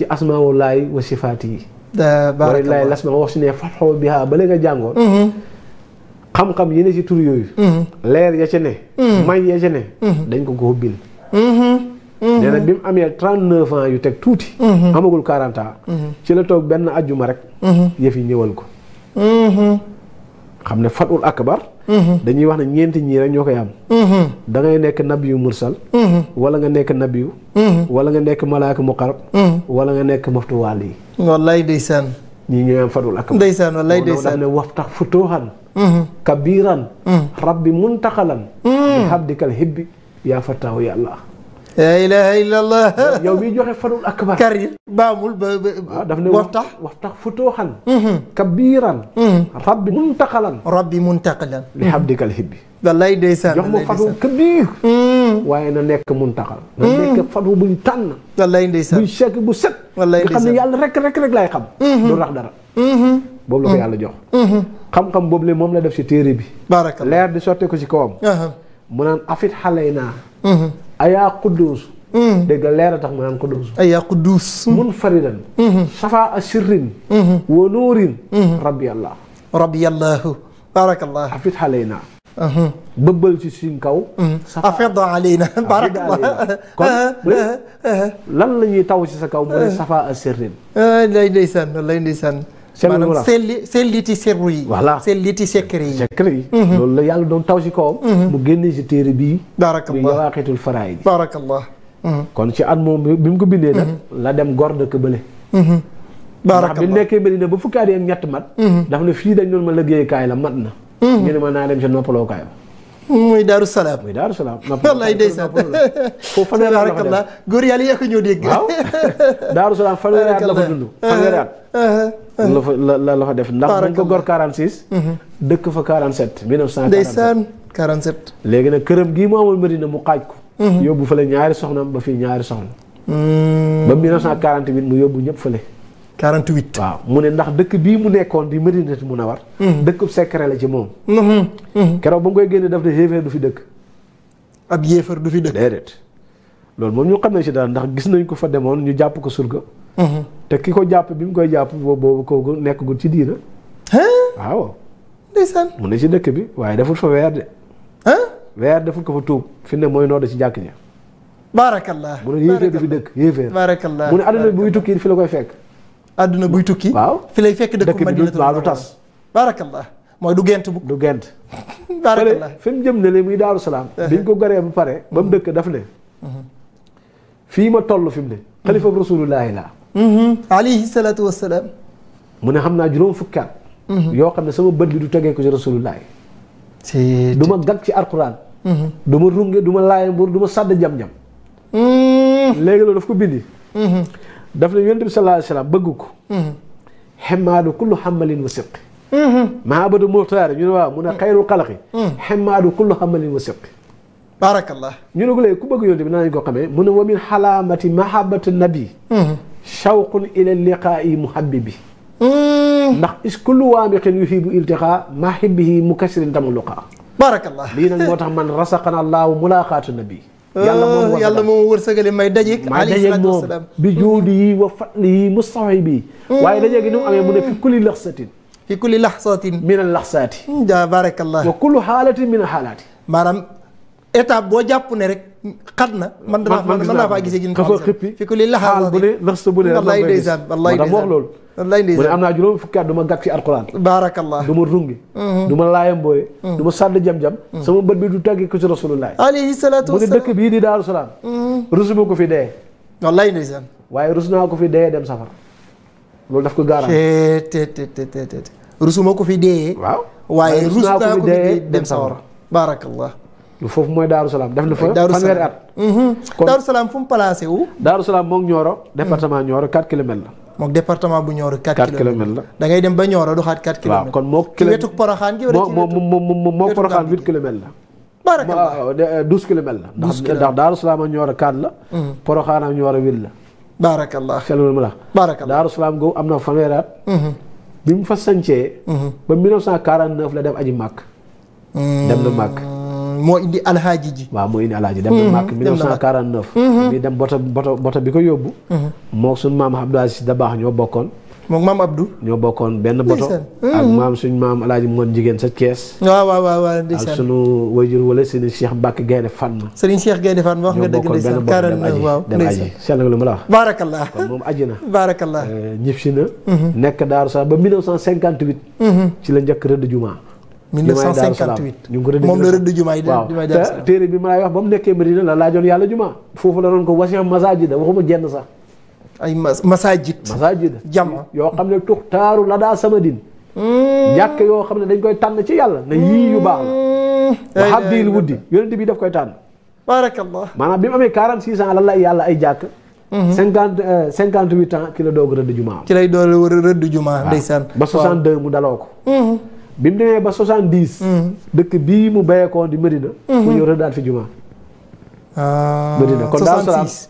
xam-xam ci tur yooyu. leer ya ne. may ya ne. dañ ko ko hubbil Mm-hmm. nee bi mu amee trente neuf ans yu teg tuuti. Mm-hmm. amagul quarante ans. Mm-hmm. ci la toog benn ajjuma rek. yëf yi ñëwal ko. xam ne fatul akbar dañuy wax ne ñeenti ñii rek ñoo koy am. da ngay nekk nabiyu mursal. wala nga nekk nabiyu. wala nga nekk malaaka muqarab. wala nga nekk maftu waal yi. wallaay ndeysaan. ñii ñooy am fatul akbar. ndeysaan wallaay ndeysaan ne wax tax futuuxan. kabiiran. rabbi muntaxalan. bi habdikal hibbi. yaa fataahu ya allah la ilaha illa allah yow miy joxe fanul akbar karil baamul ba waaw ah, daf ne waftax waftax futooxan mhm. kabiiran mhm. rabbi muntaqalan rabbi muntaqalan li habdikal hibbi wallaay ndeysaan jox ma fatu kabiir mhm. waaye na nekk muntaqal na nekk fatu buñ tànn wallaay ndeysaan buñ sekk bu set wallaay ndeysaan nga xam ne yàlla rek rek rek laay xam du rax dara boobu la ko yàlla jox xam-xam boobu le moom la def si téere bi leer di sotte ko si kawam mu naan afit xale naa. Mhm. ayaa quddus. Mhm. dégg nga leer a tax mu naan quddus. ayaa quddus. mun faridan. Mhm. safaa asirrin. wa nuurin. rabbi yàlla. rabbi yàlla barakallah. afit xale naa. bëbbal ci suñ kaw. safa afid alayna barakallah kon lan la ñuy taw ci sa kaw. mu ne safaa a eh, lay ndeysaan lay maanaam selli selliti sirru yi voilà selliti secret yi secret yi mhm. loolu la yàlla doon taw si kawam mhm. mu génne si téere bii barakallah muy bi barakallah mhm. kon ci at moom bi mu ko bindee nag la dem gor dëkk bële barakallah bi nekkee Medina ba fukki at yi ak ñett mat dafa ne fii dañ doon ma liggéeykaay la mat na ñu ma naa dem sa noppalookaay ba muy daaru salaam muy daaru salaam. wallaay ndeysaan foofu fanweeri at la ko def góor yàlla yee ko ñëw dégg. waaw daaru salaam uh-huh. Uh-huh. fa dund. fanweeri la fa def ndax dañ ko gor 46. Uh-huh. dëkk fa 47. 1947 ndeysaan 47. léegi nag këram gii mu amul Medina mu xaaj ko. yóbbu fële ñaari soxnaam ba fii ñaari soxna. Mm. ba 1948 mu yóbbu ñëpp fële. 48 waaw mu ne ndax dëkk bii mu nekkoon di Madinatu Munawwar mm-hmm. dëkkub secret la ci moom mm-hmm. Mm-hmm. keroog ba mu koy génne daf ne yéefar du fi dëkk ab yéefar du fi dëkk déedéet loolu moom ñu xam ne si daal ndax gis nañ ko fa demoon ñu jàpp ko surga te ki ko jàpp bi mu koy jàpp boobu kooku nekkagul ci diina waaw ndeysaan mu ne ci dëkk bi waaye deful fa weer de weer deful ko fa tuub fi ne mooy nodd ci jàkk ña baarakallah mu ne yéefar du fi dëkk yéefar baarakallah mu la koy fekk àdduna buy tukki. waaw fi lay fekk dëkk bi du waaw du tas. baarakallah mooy du gent bu. du gent. baarakallah fi mu jëm eh. ba mu dëkk daf ne. Mm-hmm. fii ma toll fi mu ne. xalifa rasulullahi la. Mm-hmm. alayhi mu ne xam naa juróom fukki at. Mm-hmm. yoo xam ne sama bët bi du tegee ko ci rasulullahi. c'est du ma gàgg ci alquran. du ma runge du ma laay buur du ma sàdd jam-jam. léegi loolu daf ko bindi. daf ne yonent bi sallallahu alayhi wa sallam bëgg ko. xemaadu mm-hmm. kullu xamalin wa siqi. Mm-hmm. mahabadu muxtaar ñu ne waaw mu ne mm-hmm. xayrul xalaqi. xemaadu kullu xamalin wa siqi. baarakallah ñu ne ko léegi ku bëgg yonent bi naa ñu ko xamee mu ne wa min xalaamati mahabati nabi. shawqun ila liqaa'i muhabbibi. ndax is kullu waamiqin yuhibu iltiqaa mahibbihi mukasirin tamuluqaa. baarakallah lii nag moo tax man rasaqana allahu mulaqaatu nabi. Ah, yàlla moom wërsëgale may daje may daje moom bi juudi yi wa fadli yi mustawi bi mm. waaye daje gi ni mu amee mu ne fi kulli laxsatin fi kulli laxsatin min al laxsaati mm, ja barakallah wa kullu xaalatin min al xaalaati maanaam étape boo jàpp ne rek xat na man danaa man danaa faa gisee gin ko xippi fi kulli laxsatin bu ne laxsa bu ne wallaay ndeysaan wallaay ndeysaan wax loolu wallaay ndeysaan mu ne am naa juróom fukki at du ma gàtt ci alquran baarakallah du ma rungi mhm. du ma laayam booye mhm. du ma sàdd jam-jam mhm. sama bët bi du tàggi ko ci rasulullah alayhi salaatu wasalaam mu ne dëkk bii di daaru rusuma ko fi dee wallaay ndeysaan waaye rus naa ko fi dee dem safar loolu daf ko gaaraan tt rusuma ko fi dee waaw waaye rus naa ko fi dee dem safar baarakallah foofu mooy Daaru Salaam def na fa fanweeri at. kon Daaru Salaam fu mu placé wu. Daaru Salaam moom Nioro. département Nioro 4 kilomètres la. moom département bu Nioro 4 kilomètres la da ngay dem ba Nioro doxaat 4 kilomètres. waaw kon moo ci wetu Porokhane gi. wala la. baraka waaw 12 euh, kilomètres la. 12 kilomètres ndax Daaru Salaam ak Nioro 4 la. Mhm. Porokhane ak Nioro xel mu la. baarakallah Daaru Salaam am na fanweeri mhm. bi mu fa sancee. Mhm. ba 1949 la dem aji màkk. Mm. dem na màkk. moo indi alxaaji ji. waaw moo indi alxaaji dem na mhm, màkk 1949. Mhm. bi dem bota bota bota bi ko yóbbu. Mhm. moo suñ maam Abdou Aziz Dabaax ñoo bokkoon. moom maam Abdou. ñoo sa Thiès. waaw waaw waaw ndeysaan ak sunu wajur wala sëriñ Cheikh Mbacke Gaynde Fatma. sëriñ Cheikh Gaynde Fatma nga lu ma la wax. kon moom aji na. baarakallah eh, na. nekk daaru sax ba 1958. ci la njëkk rëdd jumaa. 1958 ñu ngi ko rëdd moom la rëdd jumaay waaw te téere bi maay wax ba mu nekkee Medina la laajoon yàlla juma foofu la doon ko wasiya masajida waxuma jenn sax ay masajid masajid jama yoo xam ne tux taaru la daa sama din mm. jàkk yoo xam ne dañ koy tànn ci yàlla na yii yu baax la mm. wa habdil wuddi yonent bi daf koy tànn barakallah maanaam bi mu amee 46 ans lan la yàlla ay jàkk mm-hmm. cinquante euh, cinquante huit ans ki la doog rëdd jumaa ci lay doog rëdd jumaa ndeysaan ba 62 mu daloo ko mm-hmm. bi mu demee ba soixante dix. Mm. dëkk bii mu béyekoon di Medina. Mm-hmm. mu ñëw rek daal fi jumaa. Ah, Medina kon Daaru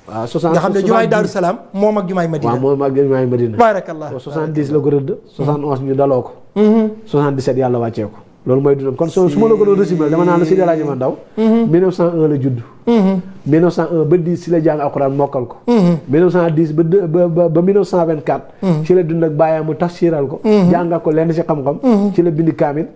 waaw 60 xam ne jumaay Daaru Salaam moom ak jumaay Medina waaw moom ak jumaay Medina. baarakallah 70 la ko rëdd. 71 ñu daloo ko. 77 mm-hmm. yàlla wàccee ko. loolu mooy dundam kon soo su ma la ko doon résumé dama naan Seydi El Hadji Omar Ndao 1901 mm-hmm. la judd 1901 mm-hmm. ba 10 si la jàng alxuraan mokkal ko 1910 mm-hmm. ba ba ba 1924 ci la dund ak baayam mu tafsiral ko jàngal ko lenn si xam-xam ci la bindi kaamil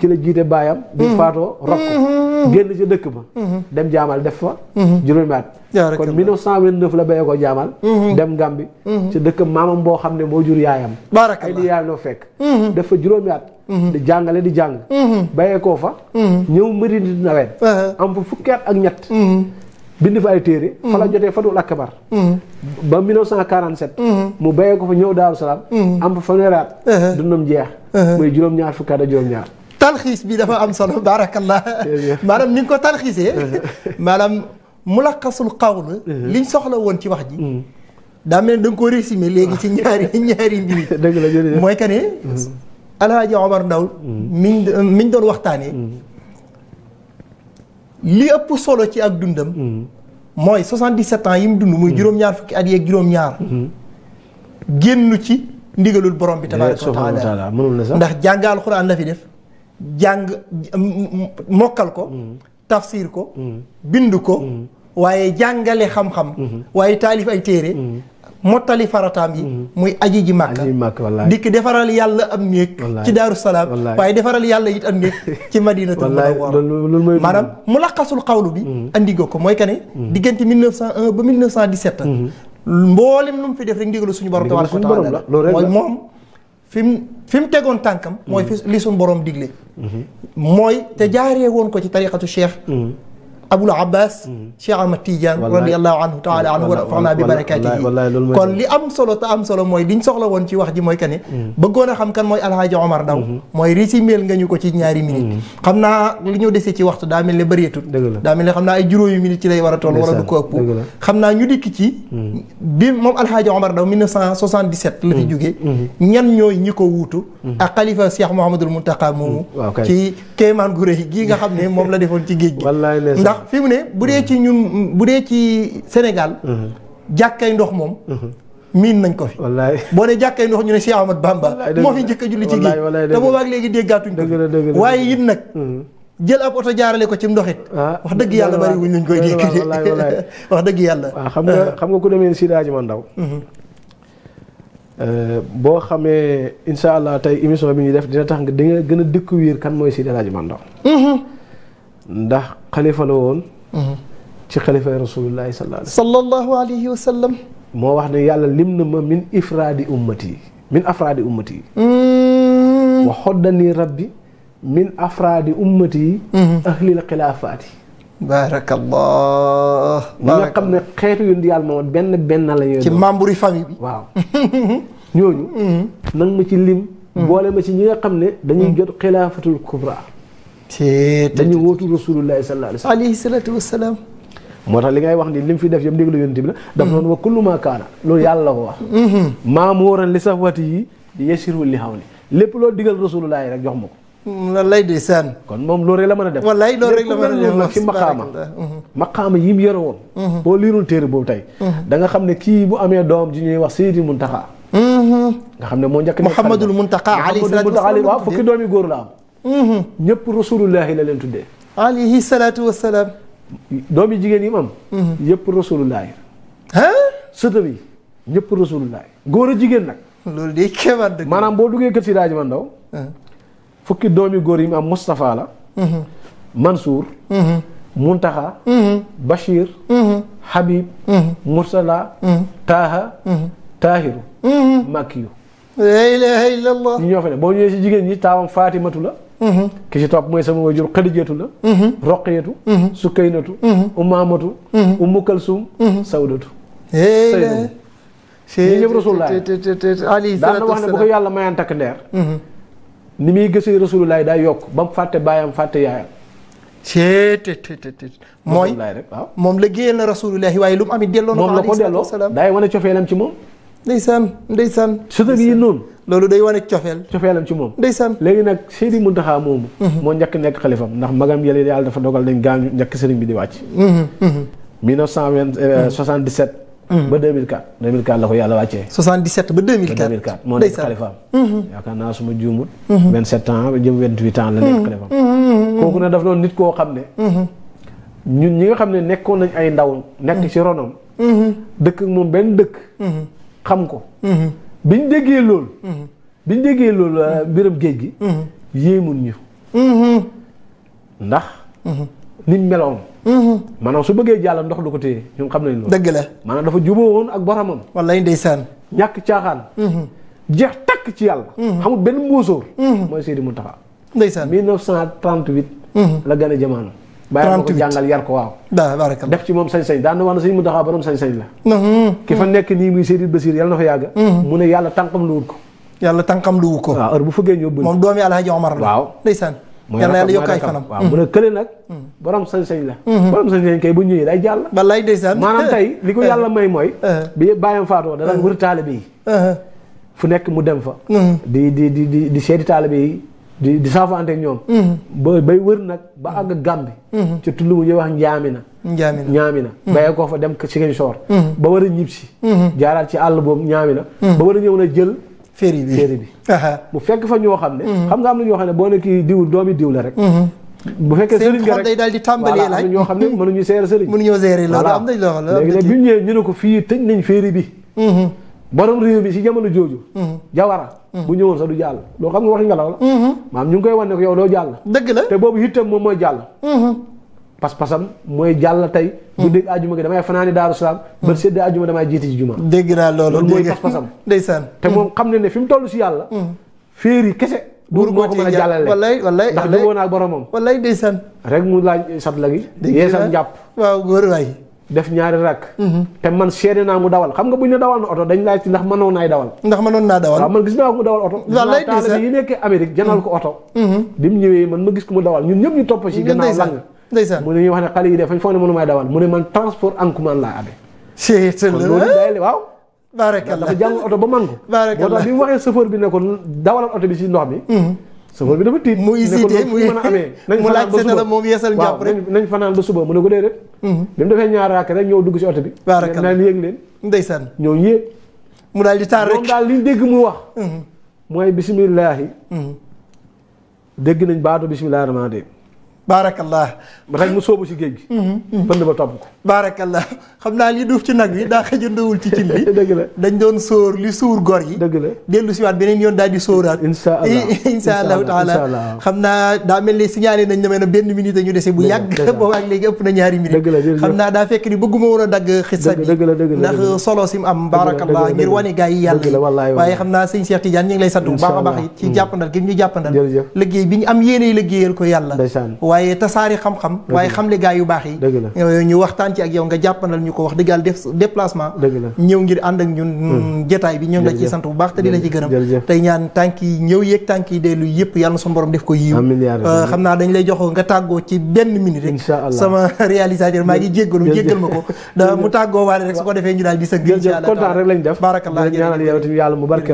ci la jiite baayam bi faatoo rok ko génn ci dëkk ba dem jaamal def fa juróomi at kon 1929 la béyee ko jaamal dem Gàmbi ci dëkk maamam boo xam ne moo jur yaayam ay di yaayam noo fekk def fa juróomi at Mm-hmm. di jàngale di jàng mm-hmm. bàyyeekoo fa mm-hmm. ñëw mbëri di nawet uh-huh. am fa fukki at ak ñett bind fa ay téere fa la jotee fadul akbar ba 1947 mu bàyyee ko fa ñëw daaru salaam am fa fanweeri at uh-huh. dundam jeex uh-huh. mooy juróom-ñaar fukki at juróom-ñaar talxiis bi dafa am solo baarakallah maanaam ni nga ko talxiisee maanaam mulaqasul qawl liñ soxla woon ci wax ji daa mel ne da nga ko résumé léegi ci ñaari ñaari mbir yi dëgg la mooy que Alhaji Omar Ndaw miñ doon waxtaanee. li ëpp solo ci ak dundam. mooy 77 ans yi mu dund muy juróom-ñaar fukki at yeeg juróom-ñaar. génn ci ndigalul borom bi tabaaraka wa taala ndax jàng alxuraan la fi def jàng mokkal ko. tafsir ko. bind ko. waaye jàngale xam-xam. Mm-hmm. waaye taalif ay téere. Mm-hmm. mottali farataam yi mhm. muy aji ji màkka dikk defaral yàlla am néeg ci daaru salaam waaye defaral yàlla it am néeg ci madinatul munawwara maanaam mu laqasul xawlu bi mhm. andi nga ko mooy que ne mhm. diggante 1901 ba 1917 mboolem lu mu fi def rek ndigalu suñu borom tabaraka wa taala moom fi mu fi mu tegoon tànkam mooy fi li suñu borom digle mooy te jaaree woon ko ci tariqatu cheikh abul abbas cheikh ahmad tidiane radiallahu anhu taala anhu wa rafana bi barakatihi kon li am solo te am solo mooy liñ soxla woon ci wax ji mooy que ne mm. bëggoon a xam kan mooy alhaaji omar daw mm-hmm. mooy résumeel nga ñu ko ci ñaari minute mm. xam naa li ñu desee ci waxtu daa mel ne bëreetul daa mel ne xam naa ay juróomi minute ci lay war a toll wala du ko ëpp xam naa ñu dikk ci mm. bi moom alhaaji omar daw 1977 la fi jógee mm-hmm. ñan ñooy ñi ko wuutu ak xalifa cheikh mouhamadul muntaka moomu ci kéemaan gu rëy gii nga xam ne moom la defoon ci géej gi ndax fi mu ne bu dee ci ñun bu dee ci Sénégal mhm. jàkkay ndox moom mhm. miin nañ ko fi wallaay boo ne jàkkay ndox ñu ne Cheikh Ahmad Bamba moo fi njëkk a julli ci gii te boobaak léegi déggaatuñ ko waaye it nag mhm. jël ab oto jaarale ko ci ndoxit ah. wax dëgg yàlla bari wuñ lañ koy dégg wax dëgg yàlla waaw ah, xam nga ah. xam nga ku demee si daaji ma ndaw euh, boo xamee insha allah tey émission bi ñuy def dina tax nga di nga gën a découvrir kan mooy si daaji ma ndaw ndax xalifa la woon mm-hmm. ci xalifay rasulillahi sallallahu alayhi wa moo wax ne yàlla lim na ma min ifraadi ummati min afraadi ummati mm-hmm. wa xoddani rabbi min afraadi mm-hmm. xam ne xeetu yu ndi yàlla yi famille bi waaw ñooñu nag ma ci lim boole ma ci ñi nga xam ne dañuy jot xilaafatul kubra dañu wóotu rasulullahi sallallahu moo tax li ngay wax ni lim fi def yëpp déglu bi la daf noonu wa kullu ma kaana loolu yàlla la ko wax mm-hmm. maam wóoran li safwati yi yasiru li xaw li lépp loolu digal rasulullahi rek jox ma ko mm, wallaay ndeysaan kon moom loolu rek la mën a def wallaay loolu rek a mën a def nag ci maqaama mm-hmm. maqaama yi mu yore woon mm-hmm. boo liirul téere boobu tey da nga xam ne kii bu amee doom ji ñuy wax Seydi Muntaxa nga xam ne moo njëkk Muhammadul Muntaxa alayhi salaatu wa salaam waaw fukki doomi góor la am Mm-hmm. ñëpp rasulullahi la leen tuddee. alayhi salaatu wa salaam. doomi jigéen yi am mm-hmm. ñëpp rasulullahi. ah. sëtam yi ñëpp rasulullahi. góor a jigéen nag. loolu day kéemaat dëgg maanaam boo duggee kër si daaji man ndaw. fukki doomi góor yi am Moustapha la. Mm-hmm. Mansour. Muntaxa. Bachir. Habib. Mursala. Taaha. Taahiru. Makkiyu. la ilaha illallah. ñi ñoo fa si jigéen ñi taawam Fatimatu la. ki ci topp mooy sama waajur xadijatu la roqiyatu sukaynatu umaamatu ummu kalsum sawdatu saydatu ñi ñëpp rasulullah daan na wax ne bu ko yàlla mayaan takk ndeer mhm. ni muy gësee rasulullah day yokk ba mu fàtte baayam fàtte yaayam ceetetetet mooy moom la géyal na rasulullahi waaye lu mu amit delloo moom la ko wane cofeelam ci moom ndeysaan ndeysaan sëtëb yi noonu loolu day wane cofeel cofeelam ci moom ndeysaan léegi nag Seydi Muntaxa moomu mhm. moo njëkk nekk xalifam ndax magam yële yàlla dafa dogal dañ gaañu njëkk sëriñ bi di wàcc 1977 mhm, mhm. euh, ba 2004 2004 la ko yàlla wàccee 77 ba 2004 2004 moo nekk xalifaam yaakaar naa suma juumut 27 ans jëm 28 ans la nekk xalifaam kooku nag daf doon nit koo xam ne ñun ñi nga xam ne nekkoon nañ ay ndaw nekk ci ronom dëkk moom benn dëkk xam ko biñ déggee loolu. Mm-hmm. biñ déggee loolu euh, mm-hmm. mbiram géej gi. Mm-hmm. yéemuñ ñu. ndax. ni meloon. maanaam su bëggee jàll ndox lu ko téye ñun xam nañ loolu. dëgg la maanaam dafa jubóo woon ak boromam. wallaay ndeysaan. ñàkk caaxaan. jeex takk ci yàlla. xamul benn mbóosóor. mooy Seydi Mountakha. ndeysaan 1938. la a jamono. bàyyi ko jàngal yar ko waaw baarakalla def ci moom sañ-sañ daan na wax na sëñ Muntaxa borom sañ-sañ la mhm. ki fa nekk nii muy Seydil Basir yàlla na fa yàgg mhm. mu a yàlla tànkam lu ko yàlla tànkam lu ko waaw bu fëggee ñëw bëri moom doomi Alhaji Omar la waaw ndeysaan yàlla yàlla yokk ay fanam waaw mu ne kële nag mhm. borom sañ-sañ la borom sañ-sañ kay bu ñëwee day jàll wallaay ndeysaan maanaam tey li ko yàlla may mooy eh. bi bàyyam faatoo da daan eh. wër taalibe yi eh. fu nekk mu dem fa di di di di seeti taalibe yi di di saafante ak ñoom. Mm-hmm. ba bay wër nag ba àgg Gàmbi. Mm-hmm. ci tullu mu ñuy a Njaamina. Njaamina Njaamina. Mm-hmm. bayee koo fa dem Ziguinchor. ba war a ñib si. jaaraat ci àll boobu Njaamina. ba war a ñëw na jël. féeri bi féeri bi. mu fekk fa ñoo xam ne. xam nga am na ñoo xam ne boo ne kii diw doomi diw rek. bu fekkee sëriñ nga rek day daal ñoo xam ne mënuñu seere sëriñ. loolu am nañ ñu ñëwee ñu ko fii tëj nañ féeri bi. borom réew bi si jamono jooju. Mhm. jawara mu mhm. ñëwoon sax du jàll. loo xam nga waxi ngelaw la. Mhm. maam ñu ngi koy wan ne ko yow jàll. dëgg la te boobu itam moom mooy jàll. pas-pasam mooy jàll tey. mu dégg ajuma gi damay fanaani daaru salaam. ba séddee ajuma damay jiiti ci juma. dégg naa loolu loolu mooy pas-pasam. te moom xam ne ne fi mu toll si yàlla. féer yi kese. buur moo ko mën a jàllale wallay wallay ndax duggoon ak boromam. wallay ndeysaan. rek mu laaj sat la gi. dégg naa yeesal njàpp waaw góor waay def ñaari rakk. Mhm. te man seede naa mu dawal xam nga buñ ne dawal na oto dañ laaj ndax mënoon naay dawal. ndax mënoon naa dawal waaw man gis dawal mu ne man transport en commun laa amee. waaw. dafa jàng oto ba man ko. baarakallah tax bi mu waxee chauffeur bi ne ko dawalal oto bi si ndox mi. Mhm. sofër bi dafa tiit. mu hésité mu mën a amee. mu laaj seetala moom yeesal njàpp rek waaw nañ fanaan ba suba mu ne ko déedéet. Mhm. bi mu defee ñaar raak rek ñëw dugg si oto bi. waaw naan yéeg leen. ndeysaan ñëw yéeg. mu daal di taal rek moom daal liñ dégg mu wax. Mhm. mooy bisimilahi. Mhm. dégg nañ baatu bisimilah rahmaani baarakallah rek mu sóobu si géej gi. Mm-hmm, mm-hmm. pënd ba topp ko. baarakallah xam naa li duuf ci nag wi daa xëjandawul ci cin bi. dëgg la dañ doon sóor li suur góor yi. dellu si waat beneen yoon daal di sóoraat. incha allah incha xam naa daa mel ni signalé nañ ne ma benn minute ñu dese bu yàgg. booba ak léegi ëpp na ñaari minute. xam naa daa fekk ni bëgguma woon a dagg. xissa bi ndax solo sim am. baarakallah ngir wane gaa yi yàlla yi. waaye xam naa sëñ Cheikh Tidiane ñu lay sant a baax ci mm. jàppandal gi ñu waaye tasaari xam-xam waaye xam le gaa yu baax yi ñu waxtaan ci ak yow nga jàppanal ñu ko wax dëggal déplacement ñëw ngir ànd ak ñun hmm. jotaay bi ñoom la ciy sant bu baax te di la ci gërëm tey ñaan tànk yi ñëw yeeg tànk yi na suñu borom def ko yiw euh, xam naa dañ lay jox nga tàggoo ci benn minute rek sama réalisateur maa daal di rek lañ def baarakallah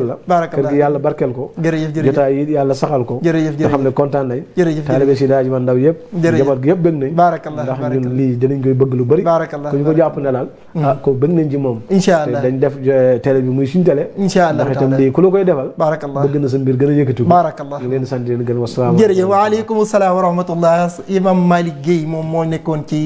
la baarakallah kër gi yàlla barkeel ko jërëjëf jërëjëf jotaay yi yàlla saxal ko jërëjëf jërëjëf xam ne kontaan nañ taalibe si ndaw yëpp yëpp jabar gi yëpp bëgg nañ baarakallah ndax ñun lii dinañ koy bëgg lu bëri baarakallah ku ñu ko jàpp ne daal hmm. ah ko bëgg nañ ci moom incha allah dañ def eh, télé bi muy suñu télé incha allah ndax itam lii ku la koy defal baarakallah bëgg na sa mbir gën a yëkkati baarakallah ñu leen sant leen gën wasalaam jërëjëf waaleykum salaam wa rahmatullah imam Malick Guèye moom moo nekkoon ci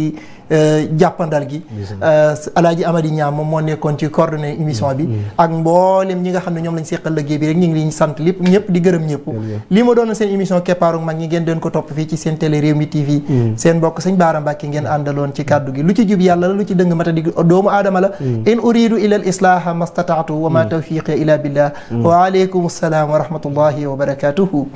Euh, jàppandal gi euh, alaaji Amady Ñaam moom moo nekkoon ci coordonné émission bi mm-hmm. ak mboolem ñi nga xam ne ñoom lañ seqal liggéey bi rek ñu ngi liñ sant lépp ñëpp di gërëm ñëpp li ma doon seen émission keppaaru mag ñi ngeen doon ko topp fii ci seen télé réew mi TV mm-hmm. seen mbokk sëñ Baara Mbàkke ngeen àndaloon ci kàddu gi lu ci jub yàlla la lu ci dëng mata di doomu aadama la mm-hmm. in uridu ila al islaaha mastataatu wa ma tawfiqi ila billah wa aleykum salaam wa rahmatullahi wa barakatuhu